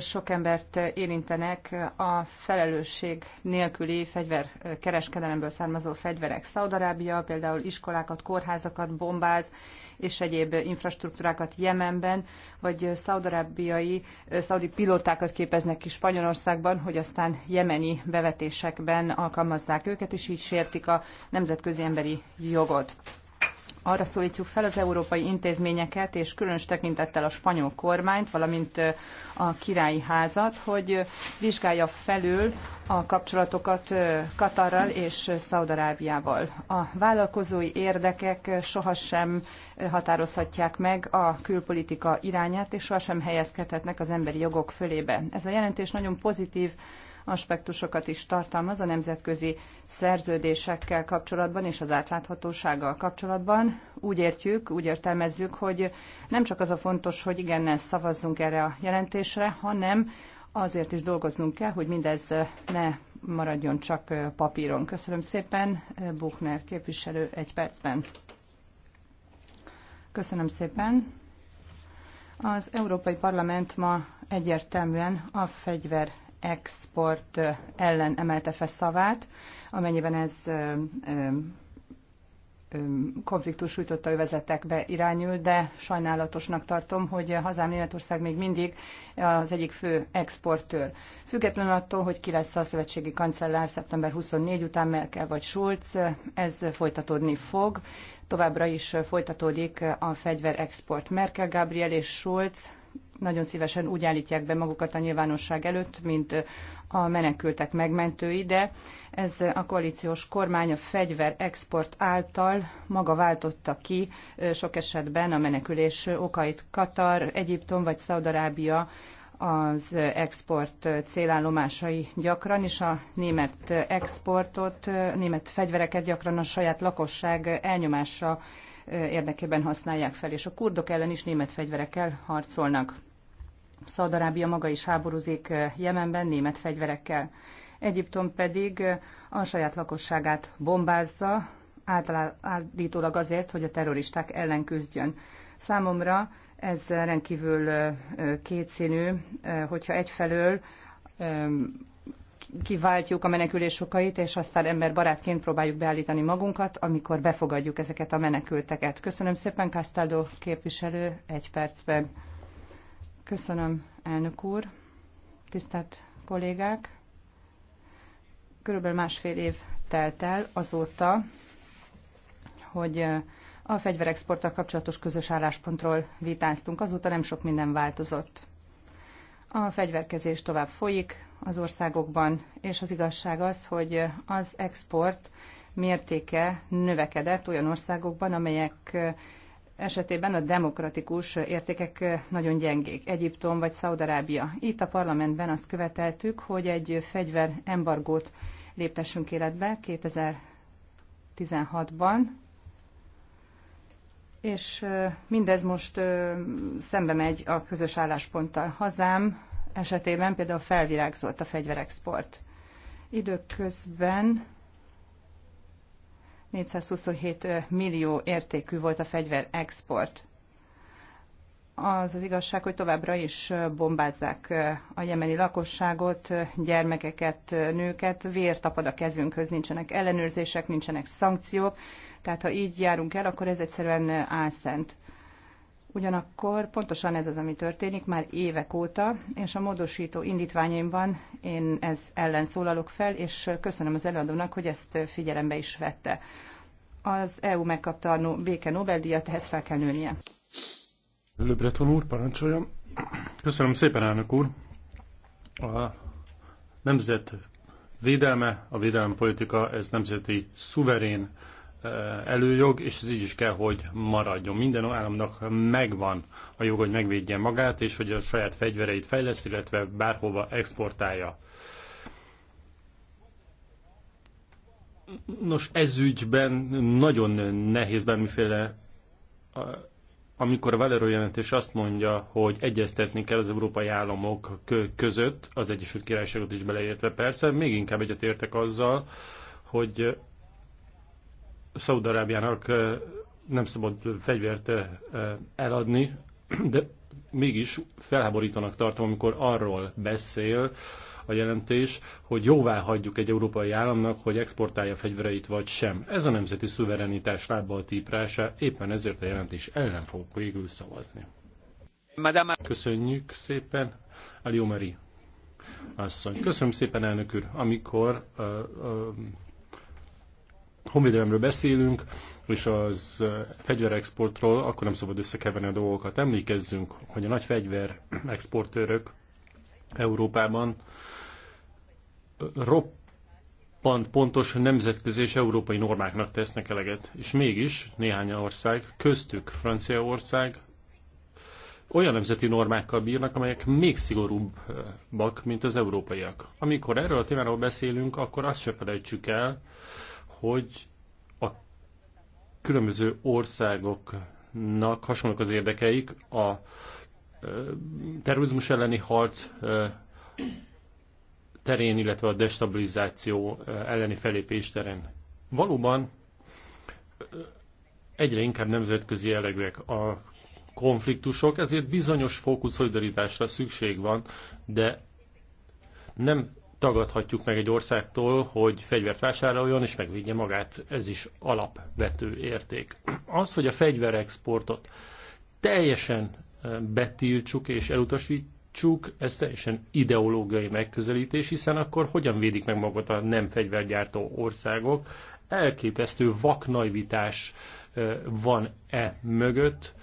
sok embert érintenek a felelősség nélküli fegyverkereskedelemből származó fegyverek. Szaudarábia például iskolákat, kórházakat bombáz, és egyéb infrastruktúrákat Jemenben, vagy szaudarábiai, szaudi pilótákat képeznek ki Spanyolországban, hogy aztán jemeni bevetésekben alkalmazzák őket, és így sértik a nemzetközi emberi jogot arra szólítjuk fel az európai intézményeket, és különös tekintettel a spanyol kormányt, valamint a királyi házat, hogy vizsgálja felül a kapcsolatokat Katarral és Szaudarábiával. A vállalkozói érdekek sohasem határozhatják meg a külpolitika irányát, és sohasem helyezkedhetnek az emberi jogok fölébe. Ez a jelentés nagyon pozitív aspektusokat is tartalmaz a nemzetközi szerződésekkel kapcsolatban és az átláthatósággal kapcsolatban. Úgy értjük, úgy értelmezzük, hogy nem csak az a fontos, hogy igennel szavazzunk erre a jelentésre, hanem azért is dolgoznunk kell, hogy mindez ne maradjon csak papíron. Köszönöm szépen, Buchner képviselő egy percben. Köszönöm szépen. Az Európai Parlament ma egyértelműen a fegyver export ellen emelte fel szavát, amennyiben ez konfliktus sújtotta övezetekbe irányul, de sajnálatosnak tartom, hogy hazám Németország még mindig az egyik fő exportőr. Függetlenül attól, hogy ki lesz a szövetségi kancellár szeptember 24 után Merkel vagy Schulz, ez folytatódni fog. Továbbra is folytatódik a fegyverexport. Merkel, Gabriel és Schulz nagyon szívesen úgy állítják be magukat a nyilvánosság előtt, mint a menekültek megmentői, de ez a koalíciós kormány a fegyver export által maga váltotta ki sok esetben a menekülés okait Katar, Egyiptom vagy Szaudarábia az export célállomásai gyakran, és a német exportot, német fegyvereket gyakran a saját lakosság elnyomása érdekében használják fel, és a kurdok ellen is német fegyverekkel harcolnak. Szaudarábia maga is háborúzik eh, Jemenben német fegyverekkel. Egyiptom pedig eh, a saját lakosságát bombázza, általállítólag azért, hogy a terroristák ellen küzdjön. Számomra ez rendkívül eh, kétszínű, hogyha egyfelől kiváltjuk a menekülés okait, és aztán emberbarátként próbáljuk beállítani magunkat, amikor befogadjuk ezeket a menekülteket. Köszönöm szépen, Castaldo képviselő, egy percben. Köszönöm, elnök úr, tisztelt kollégák. Körülbelül másfél év telt el azóta, hogy a fegyverexporttal kapcsolatos közös álláspontról vitáztunk, azóta nem sok minden változott. A fegyverkezés tovább folyik, az országokban, és az igazság az, hogy az export mértéke növekedett olyan országokban, amelyek esetében a demokratikus értékek nagyon gyengék, Egyiptom vagy Szaudarábia. Itt a parlamentben azt követeltük, hogy egy embargót léptessünk életbe 2016-ban, és mindez most szembe megy a közös állásponttal. Hazám esetében például felvirágzott a fegyverexport. Időközben 427 millió értékű volt a fegyverexport. Az az igazság, hogy továbbra is bombázzák a jemeni lakosságot, gyermekeket, nőket, vér tapad a kezünkhöz, nincsenek ellenőrzések, nincsenek szankciók, tehát ha így járunk el, akkor ez egyszerűen álszent. Ugyanakkor pontosan ez az, ami történik már évek óta, és a módosító indítványaimban én ez ellen szólalok fel, és köszönöm az előadónak, hogy ezt figyelembe is vette. Az EU megkapta a béke Nobel-díjat, ehhez fel kell nőnie. Löbreton úr, parancsoljam. Köszönöm szépen, elnök úr. A nemzet védelme, a védelmi politika, ez nemzeti szuverén előjog, és ez így is kell, hogy maradjon. Minden államnak megvan a jog, hogy megvédje magát, és hogy a saját fegyvereit fejlesz, illetve bárhova exportálja. Nos, ez ügyben nagyon nehéz bármiféle amikor a Valero jelentés azt mondja, hogy egyeztetni kell az európai államok között, az Egyesült Királyságot is beleértve persze, még inkább egyetértek azzal, hogy Szaudarábiának nem szabad fegyvert eladni, de mégis felháborítanak tartom, amikor arról beszél a jelentés, hogy jóvá hagyjuk egy európai államnak, hogy exportálja fegyvereit vagy sem. Ez a nemzeti szuverenitás lábbal típrása, éppen ezért a jelentés ellen fogok végül szavazni. Köszönjük szépen, Ali Omeri asszony. Köszönöm szépen, elnök úr. Amikor uh, uh, honvédelemről beszélünk, és az fegyverexportról, akkor nem szabad összekeverni a dolgokat. Emlékezzünk, hogy a nagy fegyver exportőrök Európában roppant pontos nemzetközi és európai normáknak tesznek eleget. És mégis néhány ország, köztük Franciaország, olyan nemzeti normákkal bírnak, amelyek még szigorúbbak, mint az európaiak. Amikor erről a témáról beszélünk, akkor azt se felejtsük el, hogy a különböző országoknak hasonlók az érdekeik, a terrorizmus elleni harc terén, illetve a destabilizáció elleni felépés terén. Valóban egyre inkább nemzetközi jellegűek a konfliktusok, ezért bizonyos fókusz szolidaritásra szükség van, de nem tagadhatjuk meg egy országtól, hogy fegyvert vásároljon és megvédje magát. Ez is alapvető érték. Az, hogy a fegyverexportot teljesen betiltsuk és elutasítsuk, ez teljesen ideológiai megközelítés, hiszen akkor hogyan védik meg magukat a nem fegyvergyártó országok? Elképesztő vaknajvitás van e mögött,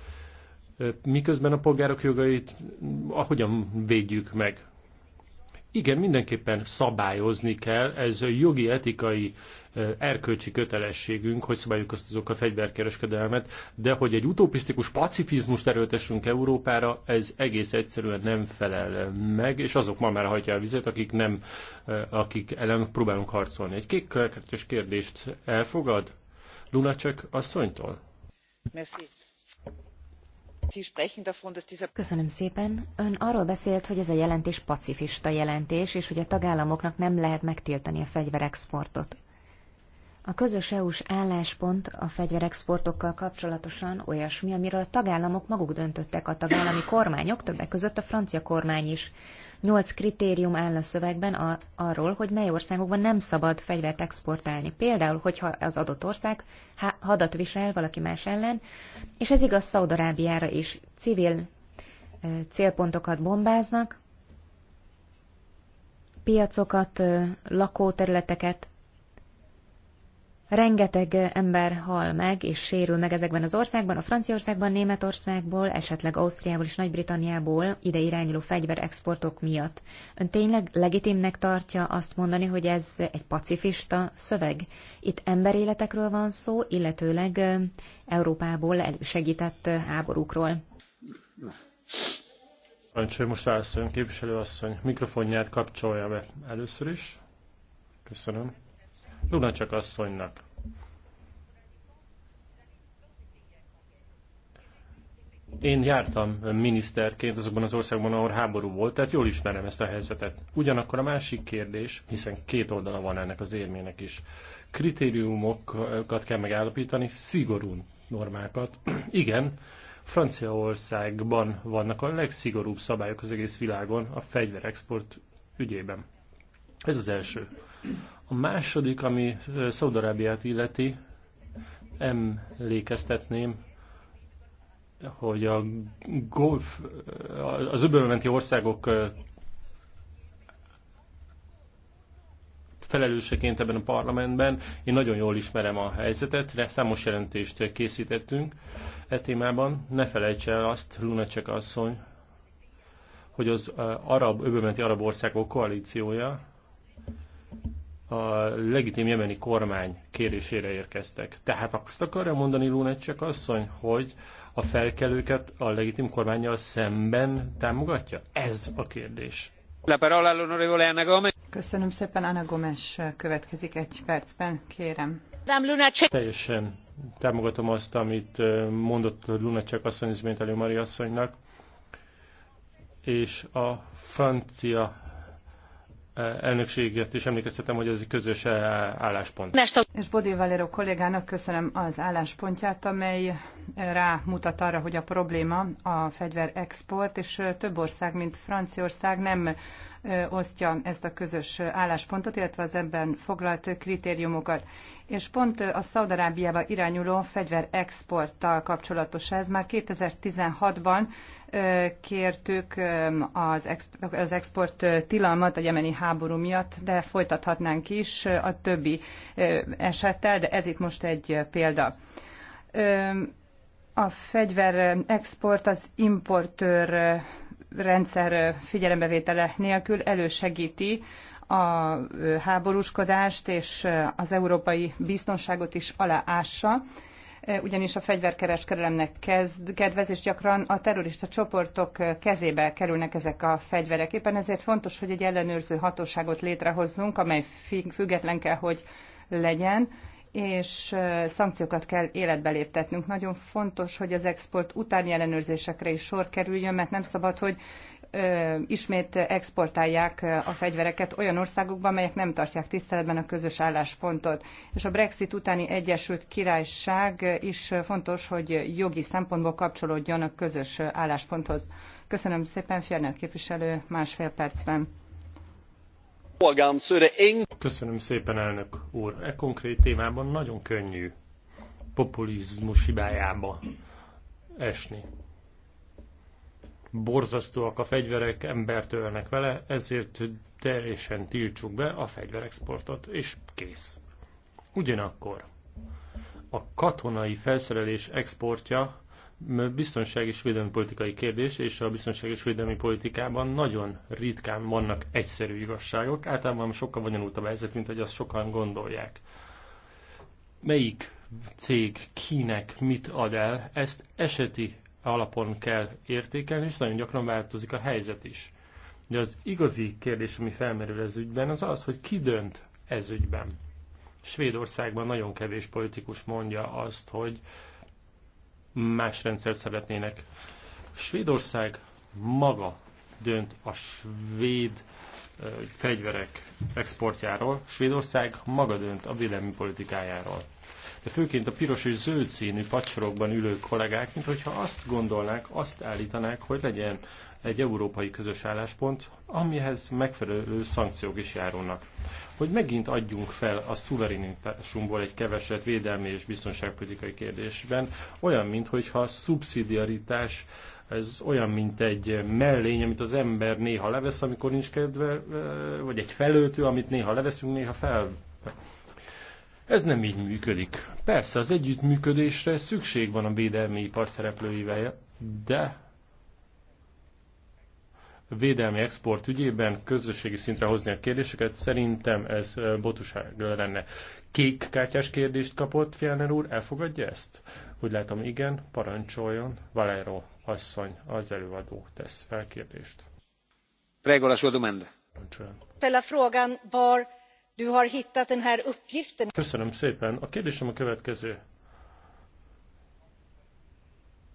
miközben a polgárok jogait ahogyan védjük meg igen, mindenképpen szabályozni kell, ez jogi, etikai, erkölcsi kötelességünk, hogy azt azok a fegyverkereskedelmet, de hogy egy utopisztikus pacifizmust erőltessünk Európára, ez egész egyszerűen nem felel meg, és azok ma már hagyják a vizet, akik, nem, akik ellen próbálunk harcolni. Egy kék kérdést elfogad Lunacek asszonytól? Merci. Köszönöm szépen. Ön arról beszélt, hogy ez a jelentés pacifista jelentés, és hogy a tagállamoknak nem lehet megtiltani a fegyverexportot. A közös EU-s álláspont a fegyverexportokkal kapcsolatosan olyasmi, amiről a tagállamok maguk döntöttek, a tagállami kormányok, többek között a francia kormány is. Nyolc kritérium áll a szövegben a, arról, hogy mely országokban nem szabad fegyvert exportálni. Például, hogyha az adott ország hadat visel valaki más ellen, és ez igaz Szaudarábiára is. Civil e, célpontokat bombáznak, piacokat, e, lakóterületeket, Rengeteg ember hal meg és sérül meg ezekben az országban, a Franciaországban, Németországból, esetleg Ausztriából és Nagy-Britanniából ide irányuló fegyverexportok miatt. Ön tényleg legitimnek tartja azt mondani, hogy ez egy pacifista szöveg? Itt emberéletekről van szó, illetőleg Európából elősegített háborúkról. Parancsolj most képviselő asszony, Mikrofonját kapcsolja be először is. Köszönöm. Lunacsak asszonynak. Én jártam miniszterként azokban az országban, ahol háború volt, tehát jól ismerem ezt a helyzetet. Ugyanakkor a másik kérdés, hiszen két oldala van ennek az érmének is, kritériumokat kell megállapítani, szigorú normákat. *clears throat* Igen, Franciaországban vannak a legszigorúbb szabályok az egész világon a fegyverexport ügyében. Ez az első. A második, ami Szaudarábiát illeti, emlékeztetném, hogy a golf, az öbölmenti országok felelőseként ebben a parlamentben. Én nagyon jól ismerem a helyzetet, számos jelentést készítettünk e témában. Ne felejts el azt, Lunacek asszony, hogy az arab, öbölmenti arab országok koalíciója a legitim jemeni kormány kérésére érkeztek. Tehát azt akarja mondani csak asszony, hogy a felkelőket a legitim kormányjal szemben támogatja? Ez a kérdés. Köszönöm szépen, Anna Gomes következik egy percben, kérem. Nem Teljesen támogatom azt, amit mondott Lunacek asszony, Zménteli Mari asszonynak, és a francia elnökséget, és emlékeztetem, hogy ez egy közös eh, álláspont. És Bodil Valero kollégának köszönöm az álláspontját, amely eh, rámutat arra, hogy a probléma a fegyver export, és eh, több ország, mint Franciaország nem osztja ezt a közös álláspontot, illetve az ebben foglalt kritériumokat. És pont a Szaudarábiába irányuló exporttal kapcsolatos ez már 2016-ban kértük um, az export uh, tilalmat a jemeni háború miatt, de folytathatnánk is uh, a többi uh, esettel, de ez itt most egy példa. Um, a fegyver export az importőr rendszer figyelembevétele nélkül elősegíti a háborúskodást és az európai biztonságot is aláássa Eh, ugyanis a fegyverkereskedelemnek kezd, kedvez, és gyakran a terrorista csoportok eh, kezébe kerülnek ezek a fegyverek. Éppen ezért fontos, hogy egy ellenőrző hatóságot létrehozzunk, amely független kell, hogy legyen, és eh, szankciókat kell életbe léptetnünk. Nagyon fontos, hogy az export utáni ellenőrzésekre is sor kerüljön, mert nem szabad, hogy ismét exportálják a fegyvereket olyan országokba, amelyek nem tartják tiszteletben a közös álláspontot. És a Brexit utáni Egyesült Királyság is fontos, hogy jogi szempontból kapcsolódjon a közös állásponthoz. Köszönöm szépen, Fjellner képviselő, másfél percben. Köszönöm szépen, elnök úr. E konkrét témában nagyon könnyű populizmus hibájába esni borzasztóak a fegyverek, embert ölnek vele, ezért teljesen tiltsuk be a fegyverexportot, és kész. Ugyanakkor a katonai felszerelés exportja biztonság és védelmi politikai kérdés, és a biztonság és védelmi politikában nagyon ritkán vannak egyszerű igazságok, általában sokkal bonyolultabb helyzet, mint hogy azt sokan gondolják. Melyik cég kinek mit ad el, ezt eseti alapon kell értékelni, és nagyon gyakran változik a helyzet is. De az igazi kérdés, ami felmerül ez ügyben, az az, hogy ki dönt ez ügyben. Svédországban nagyon kevés politikus mondja azt, hogy más rendszert szeretnének. Svédország maga dönt a svéd fegyverek exportjáról, Svédország maga dönt a védelmi politikájáról de főként a piros és zöld színű padsorokban ülő kollégák, mint hogyha azt gondolnák, azt állítanák, hogy legyen egy európai közös álláspont, amihez megfelelő szankciók is járulnak. Hogy megint adjunk fel a szuverenitásunkból egy keveset védelmi és biztonságpolitikai kérdésben, olyan, mintha a szubszidiaritás ez olyan, mint egy mellény, amit az ember néha levesz, amikor nincs kedve, vagy egy felöltő, amit néha leveszünk, néha fel ez nem így működik. Persze az együttműködésre szükség van a védelmi ipar szereplőivel, de védelmi export ügyében közösségi szintre hozni a kérdéseket, szerintem ez botuság lenne. Kék kártyás kérdést kapott Fjellner úr, elfogadja ezt? Úgy látom, igen, parancsoljon. Valero asszony, az előadó tesz felkérdést. Prego la sua domanda. Parancsoljon. Köszönöm szépen. A kérdésem a következő.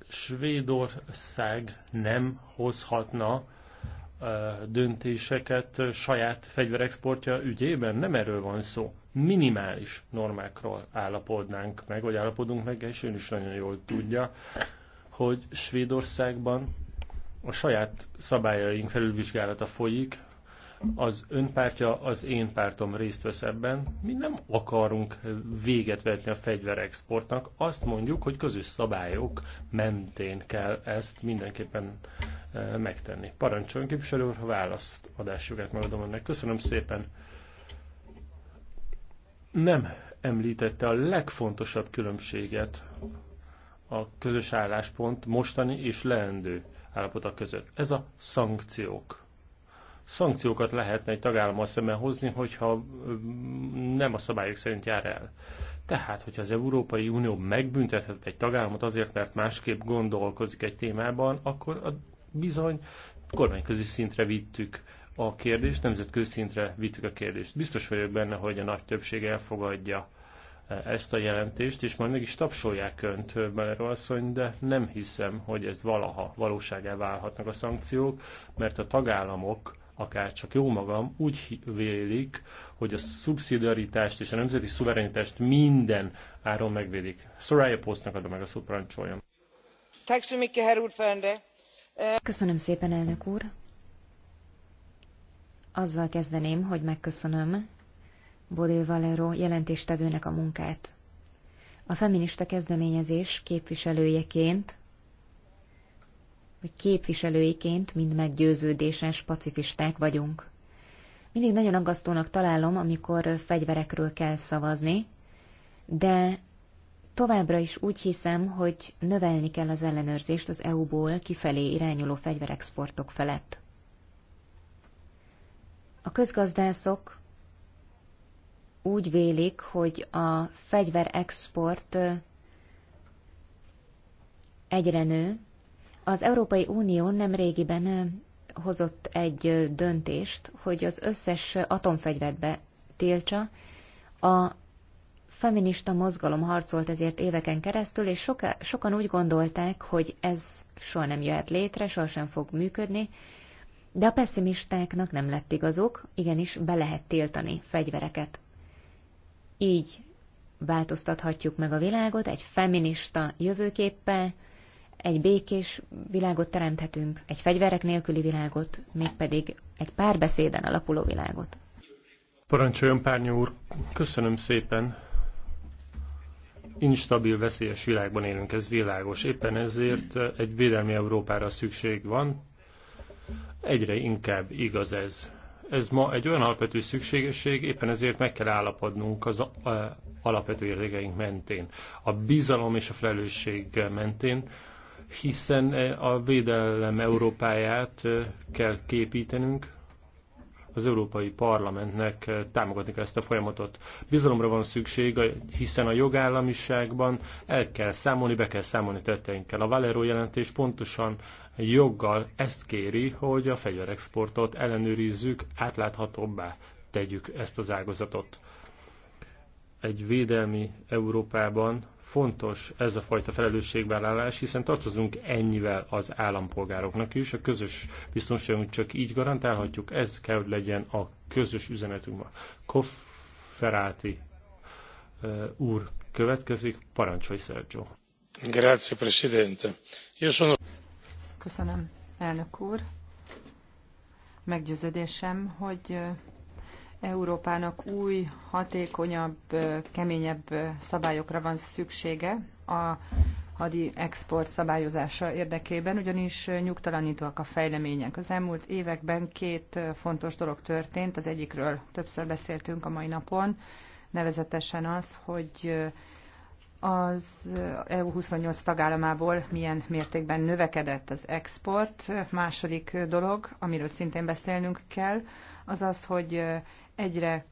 Svédország nem hozhatna döntéseket saját fegyverexportja ügyében? Nem erről van szó. Minimális normákról állapodnánk meg, vagy állapodunk meg, és ön is nagyon jól tudja, hogy Svédországban a saját szabályaink felülvizsgálata folyik, az önpártja, az én pártom részt vesz ebben. Mi nem akarunk véget vetni a fegyverexportnak, azt mondjuk, hogy közös szabályok mentén kell ezt mindenképpen e, megtenni. Parancsoljon képviselő úr, ha választ adásjogát megadom önnek. Köszönöm szépen. Nem említette a legfontosabb különbséget a közös álláspont mostani és leendő állapota között. Ez a szankciók szankciókat lehetne egy tagállam szemben hozni, hogyha nem a szabályok szerint jár el. Tehát, hogyha az Európai Unió megbüntethet egy tagállamot azért, mert másképp gondolkozik egy témában, akkor a bizony kormányközi szintre vittük a kérdést, nemzetközi szintre vittük a kérdést. Biztos vagyok benne, hogy a nagy többség elfogadja eh, ezt a jelentést, és majd meg is tapsolják önt, eh, Beller asszony, de nem hiszem, hogy ez valaha valóságá válhatnak a szankciók, mert a tagállamok akár csak jó magam, úgy vélik, hogy a szubszidiaritást és a nemzeti szuverenitást minden áron megvédik. Soraya Postnak adom meg a szót, parancsoljon. Köszönöm szépen, elnök úr. Azzal kezdeném, hogy megköszönöm Bodil Valero jelentéstevőnek a munkát. A feminista kezdeményezés képviselőjeként hogy képviselőiként mind meggyőződéses pacifisták vagyunk. Mindig nagyon aggasztónak találom, amikor fegyverekről kell szavazni, de továbbra is úgy hiszem, hogy növelni kell az ellenőrzést az EU-ból kifelé irányuló fegyverexportok felett. A közgazdászok úgy vélik, hogy a fegyverexport egyre nő, az Európai Unió nemrégiben hozott egy döntést, hogy az összes atomfegyvert tiltsa. A feminista mozgalom harcolt ezért éveken keresztül, és soka, sokan úgy gondolták, hogy ez soha nem jöhet létre, soha sem fog működni, de a pessimistáknak nem lett igazuk, igenis be lehet tiltani fegyvereket. Így változtathatjuk meg a világot egy feminista jövőképpel, egy békés világot teremthetünk, egy fegyverek nélküli világot, mégpedig egy párbeszéden alapuló világot. Parancsoljon, Párnyó úr! Köszönöm szépen! Instabil, veszélyes világban élünk, ez világos. Éppen ezért egy védelmi Európára szükség van. Egyre inkább igaz ez. Ez ma egy olyan alapvető szükségesség, éppen ezért meg kell állapodnunk az alapvető értékeink mentén. A bizalom és a felelősség mentén, hiszen eh, a védelem Európáját eh, kell képítenünk, az Európai Parlamentnek eh, támogatni kell ezt a folyamatot. Bizalomra van szükség, hiszen a jogállamiságban el kell számolni, be kell számolni tetteinkkel. A Valero jelentés pontosan joggal ezt kéri, hogy a fegyverexportot ellenőrizzük, átláthatóbbá tegyük ezt az ágazatot. Egy védelmi Európában fontos ez a fajta felelősségvállalás, hiszen tartozunk ennyivel az állampolgároknak is, a közös biztonságunk csak így garantálhatjuk, ez kell, hogy legyen a közös üzenetünk ma. Kofferáti úr következik, parancsolj Sergio. Grazie, Presidente. Io sono... Köszönöm, elnök úr. Meggyőződésem, hogy Európának új, hatékonyabb, keményebb szabályokra van szüksége a hadi export szabályozása érdekében, ugyanis nyugtalanítóak a fejlemények. Az elmúlt években két fontos dolog történt, az egyikről többször beszéltünk a mai napon, nevezetesen az, hogy az EU 28 tagállamából milyen mértékben növekedett az export. Második dolog, amiről szintén beszélnünk kell, az az, hogy egyre,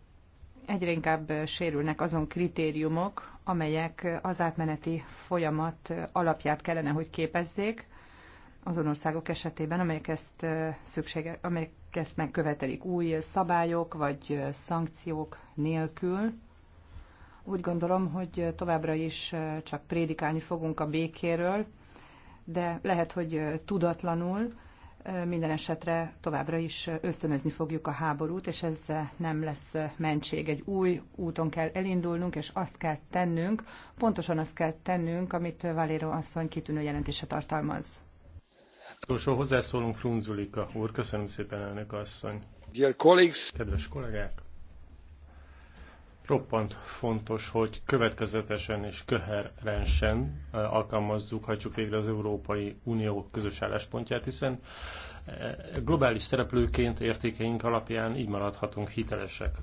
egyre inkább sérülnek azon kritériumok, amelyek az átmeneti folyamat alapját kellene, hogy képezzék azon országok esetében, amelyek ezt, szüksége, amelyek ezt megkövetelik új szabályok vagy szankciók nélkül. Úgy gondolom, hogy továbbra is csak prédikálni fogunk a békéről, de lehet, hogy tudatlanul minden esetre továbbra is ösztönözni fogjuk a háborút, és ez nem lesz mentség. Egy új úton kell elindulnunk, és azt kell tennünk, pontosan azt kell tennünk, amit Valéro asszony kitűnő jelentése tartalmaz. Utolsó hozzászólunk Frunzulika úr, köszönöm szépen elnök asszony. Dear colleagues. Kedves kollégák! roppant fontos, hogy következetesen és köherensen alkalmazzuk, hajtsuk végre az Európai Unió közös álláspontját, hiszen globális szereplőként értékeink alapján így maradhatunk hitelesek.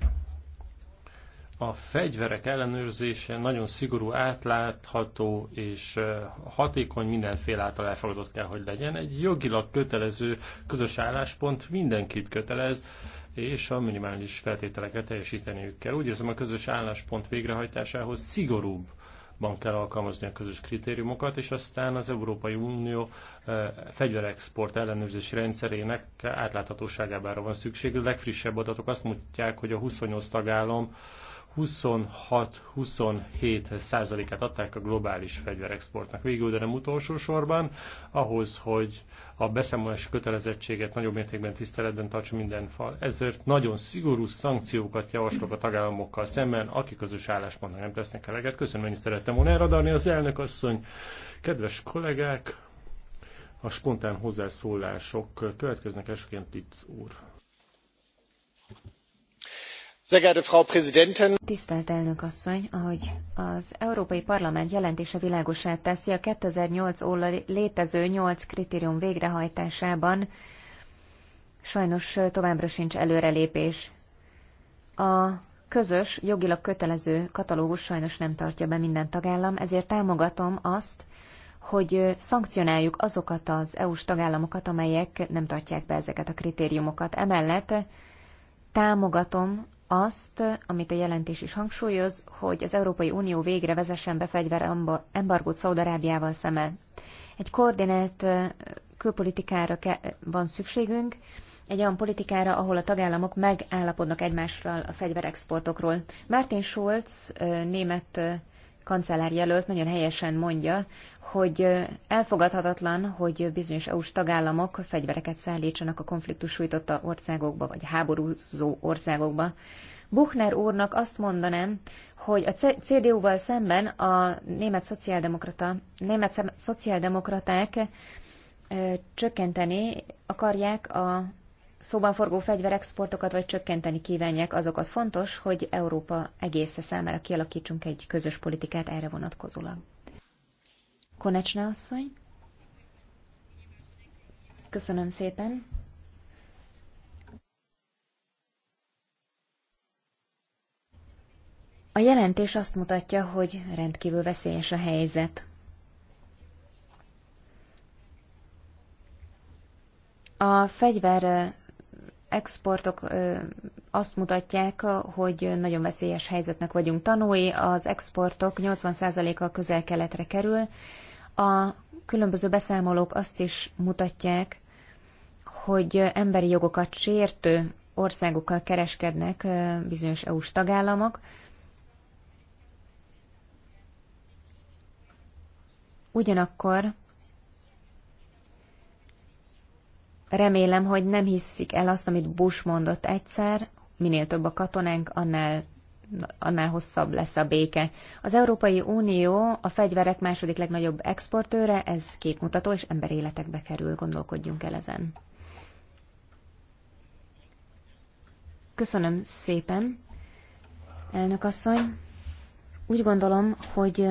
A fegyverek ellenőrzése nagyon szigorú, átlátható és hatékony mindenféle által elfogadott kell, hogy legyen. Egy jogilag kötelező közös álláspont mindenkit kötelez, és a minimális feltételeket teljesíteniük kell. Úgy érzem, a közös álláspont végrehajtásához szigorúbb kell alkalmazni a közös kritériumokat, és aztán az Európai Unió eh, fegyverexport ellenőrzési rendszerének átláthatóságára van szükség. A legfrissebb adatok azt mutatják, hogy a 28 tagállam 26-27 százalékát adták a globális fegyverexportnak. Végül, de nem utolsó sorban, ahhoz, hogy a beszámolási kötelezettséget nagyobb mértékben tiszteletben tartsa minden fal. Ezért nagyon szigorú szankciókat javaslok a tagállamokkal szemben, akik közös álláspontnak nem tesznek eleget. Köszönöm, hogy szerettem volna elradarni az elnök asszony. Kedves kollégák, a spontán hozzászólások következnek elsőként Pitz úr. Tisztelt elnök asszony, ahogy az Európai Parlament jelentése világosát teszi, a 2008 óta létező 8 kritérium végrehajtásában sajnos továbbra sincs előrelépés. A közös, jogilag kötelező katalógus sajnos nem tartja be minden tagállam, ezért támogatom azt, hogy szankcionáljuk azokat az EU-s tagállamokat, amelyek nem tartják be ezeket a kritériumokat. Emellett támogatom azt, amit a jelentés is hangsúlyoz, hogy az Európai Unió végre vezessen be fegyver embargót Szaudarábiával szemben. Egy koordinált külpolitikára van szükségünk, egy olyan politikára, ahol a tagállamok megállapodnak egymással a fegyverexportokról. Martin Schulz, német kancellárjelölt nagyon helyesen mondja, hogy elfogadhatatlan, hogy bizonyos EU-s tagállamok fegyvereket szállítsanak a konfliktus sújtotta országokba, vagy háborúzó országokba. Buchner úrnak azt mondanám, hogy a CDU-val szemben a német, szociáldemokrata, német szociáldemokraták csökkenteni akarják a szóban forgó fegyverexportokat vagy csökkenteni kívánják, azokat fontos, hogy Európa egésze számára kialakítsunk egy közös politikát erre vonatkozólag. Konecsne asszony? Köszönöm szépen. A jelentés azt mutatja, hogy rendkívül veszélyes a helyzet. A fegyver exportok azt mutatják, hogy nagyon veszélyes helyzetnek vagyunk tanúi. Az exportok 80%-a közel-keletre kerül. A különböző beszámolók azt is mutatják, hogy emberi jogokat sértő országokkal kereskednek bizonyos EU-s tagállamok. Ugyanakkor Remélem, hogy nem hiszik el azt, amit Bush mondott egyszer, minél több a katonánk, annál annál hosszabb lesz a béke. Az Európai Unió a fegyverek második legnagyobb exportőre, ez képmutató és emberéletekbe kerül, gondolkodjunk el ezen. Köszönöm szépen, elnök asszony. Úgy gondolom, hogy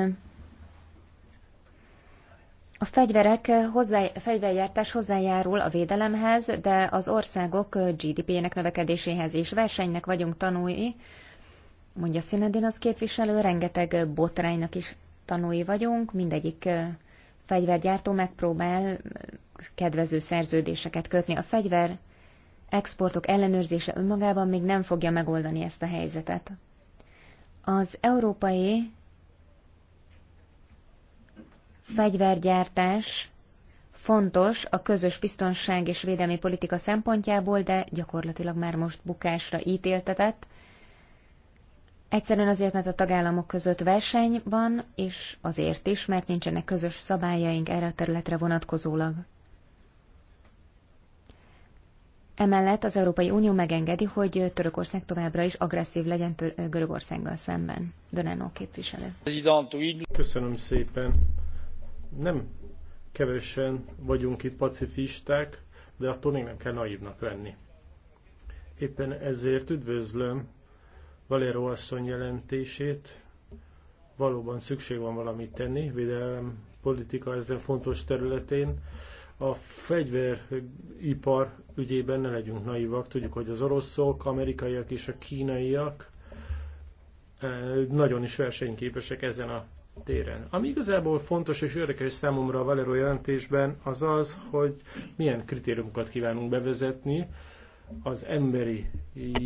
a fegyverek eh, hozzá, a fegyvergyártás hozzájárul a védelemhez, de az országok eh, GDP-nek növekedéséhez is versenynek vagyunk tanulni, mondja Sinedin az képviselő, rengeteg eh, botránynak is tanúi vagyunk, mindegyik fegyvergyártó megpróbál kedvező szerződéseket kötni. A fegyver exportok ellenőrzése önmagában még nem fogja megoldani ezt a helyzetet. Az európai fegyvergyártás fontos a közös biztonság és védelmi politika szempontjából, de gyakorlatilag már most bukásra ítéltetett. Egyszerűen azért, mert a tagállamok között verseny van, és azért is, mert nincsenek közös szabályaink erre a területre vonatkozólag. Emellett az Európai Unió megengedi, hogy Törökország továbbra is agresszív legyen Görögországgal szemben. Dönenó képviselő. Köszönöm szépen. Nem kevesen vagyunk itt pacifisták, de attól még nem kell naívnak lenni. Éppen ezért üdvözlöm Valero asszony jelentését. Valóban szükség van valamit tenni, védelem politika ezen fontos területén. A fegyveripar ügyében ne legyünk naivak, tudjuk, hogy az oroszok, amerikaiak és a kínaiak eh, nagyon is versenyképesek ezen a téren. Ami igazából fontos és érdekes számomra a Valero jelentésben, az az, hogy milyen kritériumokat kívánunk bevezetni. Az emberi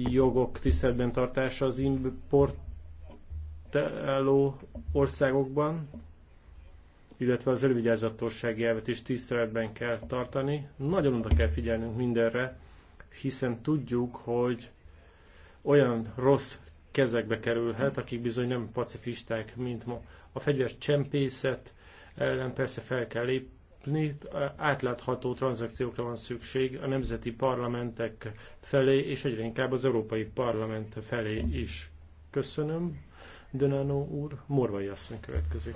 jogok tiszteletben tartása az importáló országokban, illetve az elővigyázatossági elvet is tiszteletben kell tartani. Nagyon oda kell figyelnünk mindenre, hiszen tudjuk, hogy olyan rossz kezekbe kerülhet, akik bizony nem pacifisták, mint ma. A fegyveres csempészet ellen persze fel kell lépni, átlátható tranzakciókra van szükség a nemzeti parlamentek felé, és egyre inkább az Európai Parlament felé is. Köszönöm, Dönánó úr. Morvai asszony következik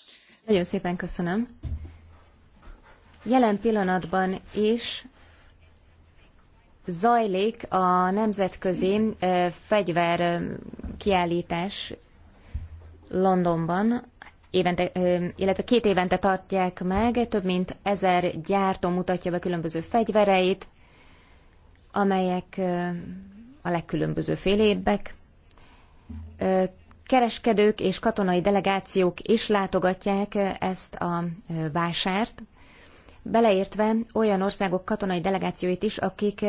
Nagyon szépen köszönöm. Jelen pillanatban is zajlik a nemzetközi fegyverkiállítás Londonban, évente, illetve két évente tartják meg, több mint ezer gyártó mutatja be különböző fegyvereit, amelyek a legkülönböző félétbek kereskedők és katonai delegációk is látogatják ezt a vásárt, beleértve olyan országok katonai delegációit is, akik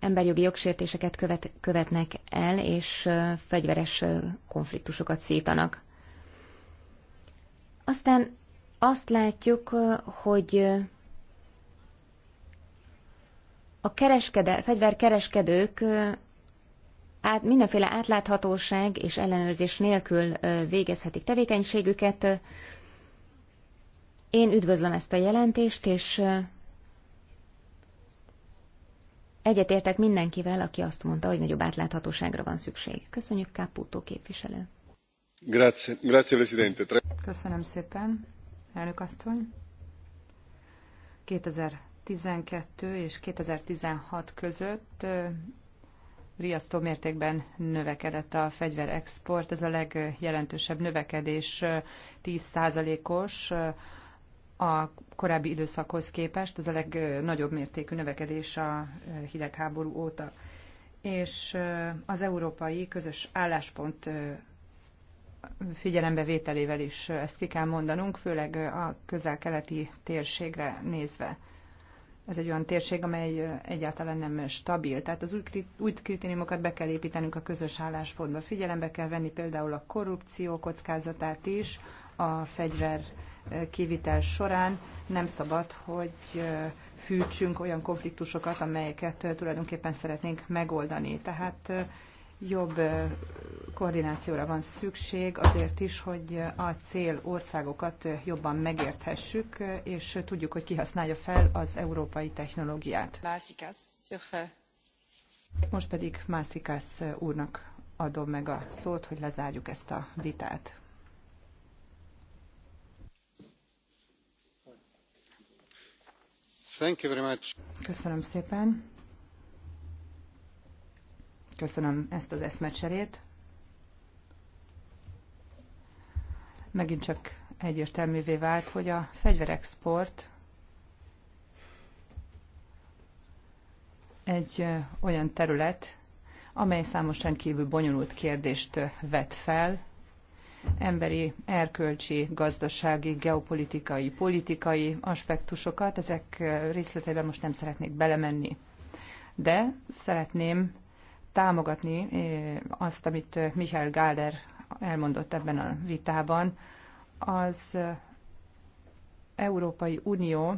emberjogi jogsértéseket követ, követnek el, és fegyveres konfliktusokat szítanak. Aztán azt látjuk, hogy a kereskede, fegyverkereskedők át, mindenféle átláthatóság és ellenőrzés nélkül végezhetik tevékenységüket. Én üdvözlöm ezt a jelentést, és egyetértek mindenkivel, aki azt mondta, hogy nagyobb átláthatóságra van szükség. Köszönjük, Caputo képviselő. Grazie, grazie Presidente. Köszönöm szépen, elnök asszony. 2012 és 2016 között riasztó mértékben növekedett a fegyverexport. Ez a legjelentősebb növekedés 10%-os a korábbi időszakhoz képest. Ez a legnagyobb mértékű növekedés a hidegháború óta. És az európai közös álláspont figyelembevételével is ezt ki kell mondanunk, főleg a közel-keleti térségre nézve ez egy olyan térség, amely egyáltalán nem stabil. Tehát az új, kritériumokat be kell építenünk a közös álláspontba. Figyelembe kell venni például a korrupció kockázatát is a fegyver kivitel során. Nem szabad, hogy fűtsünk olyan konfliktusokat, amelyeket tulajdonképpen szeretnénk megoldani. Tehát jobb koordinációra van szükség azért is, hogy a cél országokat jobban megérthessük, és tudjuk, hogy kihasználja fel az európai technológiát. Most pedig Mászikász úrnak adom meg a szót, hogy lezárjuk ezt a vitát. Thank you very much. Köszönöm szépen. Köszönöm ezt az eszmecserét. Megint csak egyértelművé vált, hogy a fegyverexport egy olyan terület, amely számos rendkívül bonyolult kérdést vet fel, emberi, erkölcsi, gazdasági, geopolitikai, politikai aspektusokat, ezek részleteiben most nem szeretnék belemenni. De szeretném támogatni eh, azt, amit eh, Michael Gáder elmondott ebben a vitában. Az eh, Európai Unió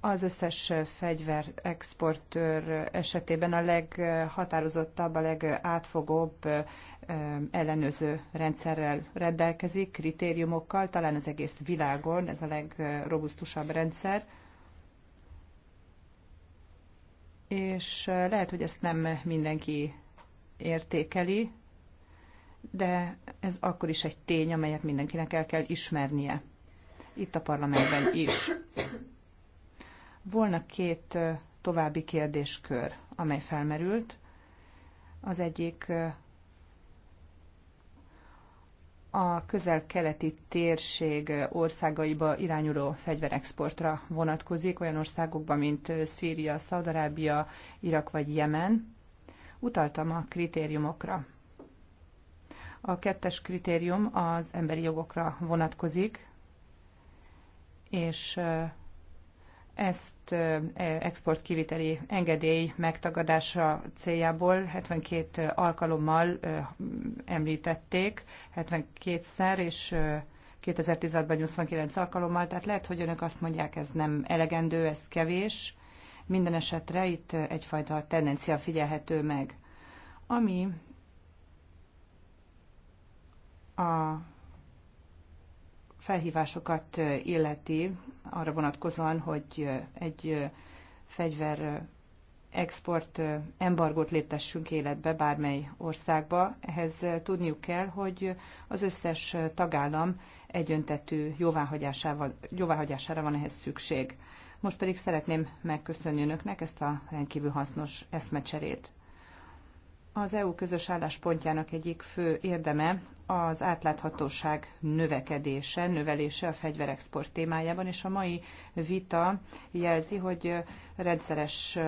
az összes fegyver exportőr esetében a leghatározottabb, a legátfogóbb ellenőző rendszerrel rendelkezik, kritériumokkal, talán az egész világon ez a legrobusztusabb rendszer. és lehet, hogy ezt nem mindenki értékeli, de ez akkor is egy tény, amelyet mindenkinek el kell ismernie. Itt a parlamentben is. Volna két további kérdéskör, amely felmerült. Az egyik a közel-keleti térség országaiba irányuló fegyverexportra vonatkozik, olyan országokban, mint Szíria, Szaudarábia, Irak vagy Jemen. Utaltam a kritériumokra. A kettes kritérium az emberi jogokra vonatkozik, és ezt e, exportkiviteli engedély megtagadása céljából 72 alkalommal említették, 72-szer, és 2016-ban 89 alkalommal, tehát lehet, hogy önök azt mondják, ez nem elegendő, ez kevés. Minden esetre itt egyfajta tendencia figyelhető meg. Ami a felhívásokat illeti arra vonatkozóan, hogy egy fegyver export embargót léptessünk életbe bármely országba. Ehhez tudniuk kell, hogy az összes tagállam egyöntetű jóváhagyására van ehhez szükség. Most pedig szeretném megköszönni önöknek ezt a rendkívül hasznos eszmecserét. Az EU közös álláspontjának egyik fő érdeme az átláthatóság növekedése, növelése a fegyverexport témájában, és a mai vita jelzi, hogy rendszeres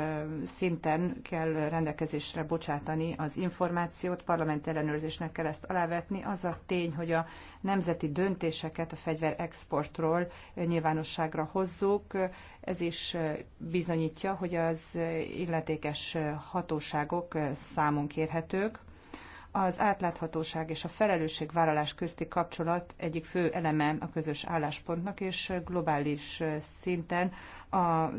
szinten kell rendelkezésre bocsátani az információt, parlament ellenőrzésnek kell ezt alávetni. Az a tény, hogy a nemzeti döntéseket a fegyverexportról nyilvánosságra hozzuk, ez is bizonyítja, hogy az illetékes hatóságok számon kérhetők az átláthatóság és a felelősségvállalás közti kapcsolat egyik fő eleme a közös álláspontnak, és globális szinten a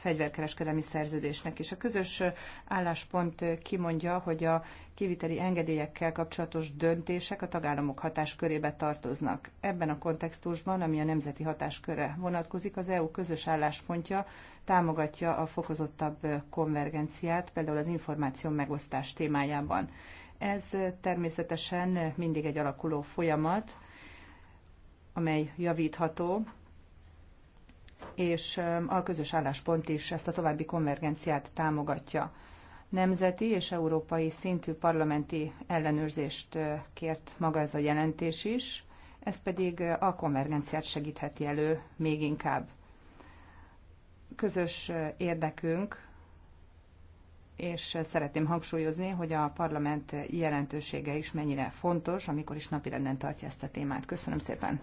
fegyverkereskedelmi szerződésnek is. A közös álláspont kimondja, hogy a kiviteli engedélyekkel kapcsolatos döntések a tagállamok hatáskörébe tartoznak. Ebben a kontextusban, ami a nemzeti hatáskörre vonatkozik, az EU közös álláspontja támogatja a fokozottabb konvergenciát, például az információ megosztás témájában. Ez természetesen mindig egy alakuló folyamat, amely javítható, és um, a közös álláspont is ezt a további konvergenciát támogatja. Nemzeti és európai szintű parlamenti ellenőrzést uh, kért maga ez a jelentés is, ez pedig uh, a konvergenciát segítheti elő még inkább. Közös uh, érdekünk és szeretném hangsúlyozni, hogy a parlament jelentősége is mennyire fontos, amikor is napirenden tartja ezt a témát. Köszönöm szépen!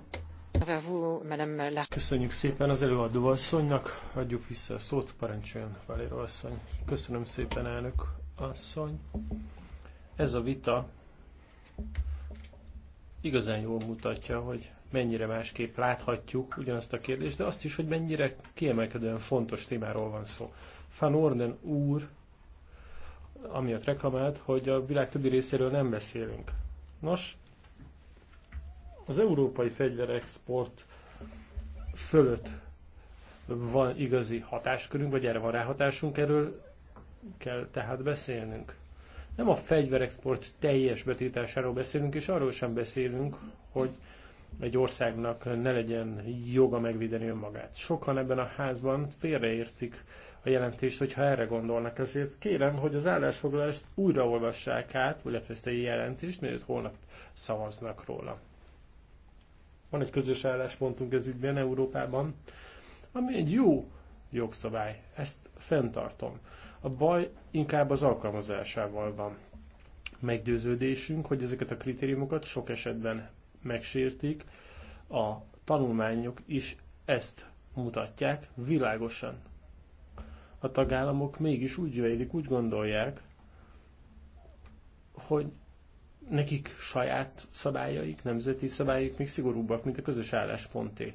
Köszönjük szépen az előadó asszonynak, adjuk vissza a szót, parancsoljon Valéro asszony. Köszönöm szépen, elnök asszony. Ez a vita igazán jól mutatja, hogy mennyire másképp láthatjuk ugyanazt a kérdést, de azt is, hogy mennyire kiemelkedően fontos témáról van szó. Van Orden úr amiatt reklamált, hogy a világ többi részéről nem beszélünk. Nos, az európai fegyverexport fölött van igazi hatáskörünk, vagy erre van ráhatásunk, erről kell tehát beszélnünk. Nem a fegyverexport teljes betiltásáról beszélünk, és arról sem beszélünk, hogy egy országnak ne legyen joga megvédeni önmagát. Sokan ebben a házban félreértik a jelentést, hogyha erre gondolnak. Ezért kérem, hogy az állásfoglalást újraolvassák át, illetve ezt a jelentést, mielőtt holnap szavaznak róla. Van egy közös álláspontunk ez ügyben Európában, ami egy jó jogszabály. Ezt fenntartom. A baj inkább az alkalmazásával van. Meggyőződésünk, hogy ezeket a kritériumokat sok esetben megsértik, a tanulmányok is ezt mutatják világosan a tagállamok mégis úgy vélik, úgy gondolják, hogy nekik saját szabályaik, nemzeti szabályaik még szigorúbbak, mint a közös állásponté.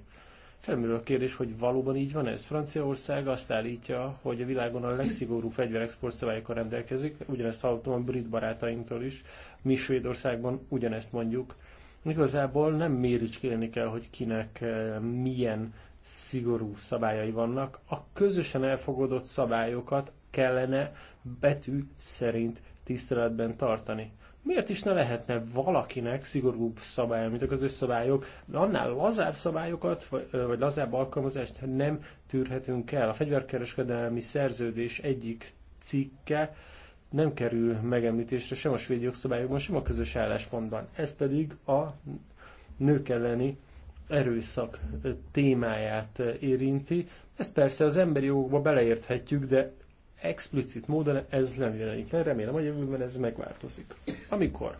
Felmerül a kérdés, hogy valóban így van ez. Franciaország azt állítja, hogy a világon a legszigorúbb fegyverexport szabályokkal rendelkezik, ugyanezt hallottam a brit barátainktól is, mi Svédországban ugyanezt mondjuk. Igazából nem méricskélni kell, hogy kinek eh, milyen szigorú szabályai vannak, a közösen elfogadott szabályokat kellene betű szerint tiszteletben tartani. Miért is ne lehetne valakinek szigorúbb szabály, mint a közös szabályok? De annál lazább szabályokat, vagy lazább alkalmazást nem tűrhetünk el. A fegyverkereskedelmi szerződés egyik cikke nem kerül megemlítésre sem a svéd jogszabályokban, sem a közös álláspontban. Ez pedig a nők elleni erőszak témáját érinti. Ezt persze az emberi jogokba beleérthetjük, de explicit módon ez nem jelenik meg. Remélem, hogy jövőben ez megváltozik. Amikor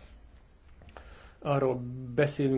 arról beszélünk,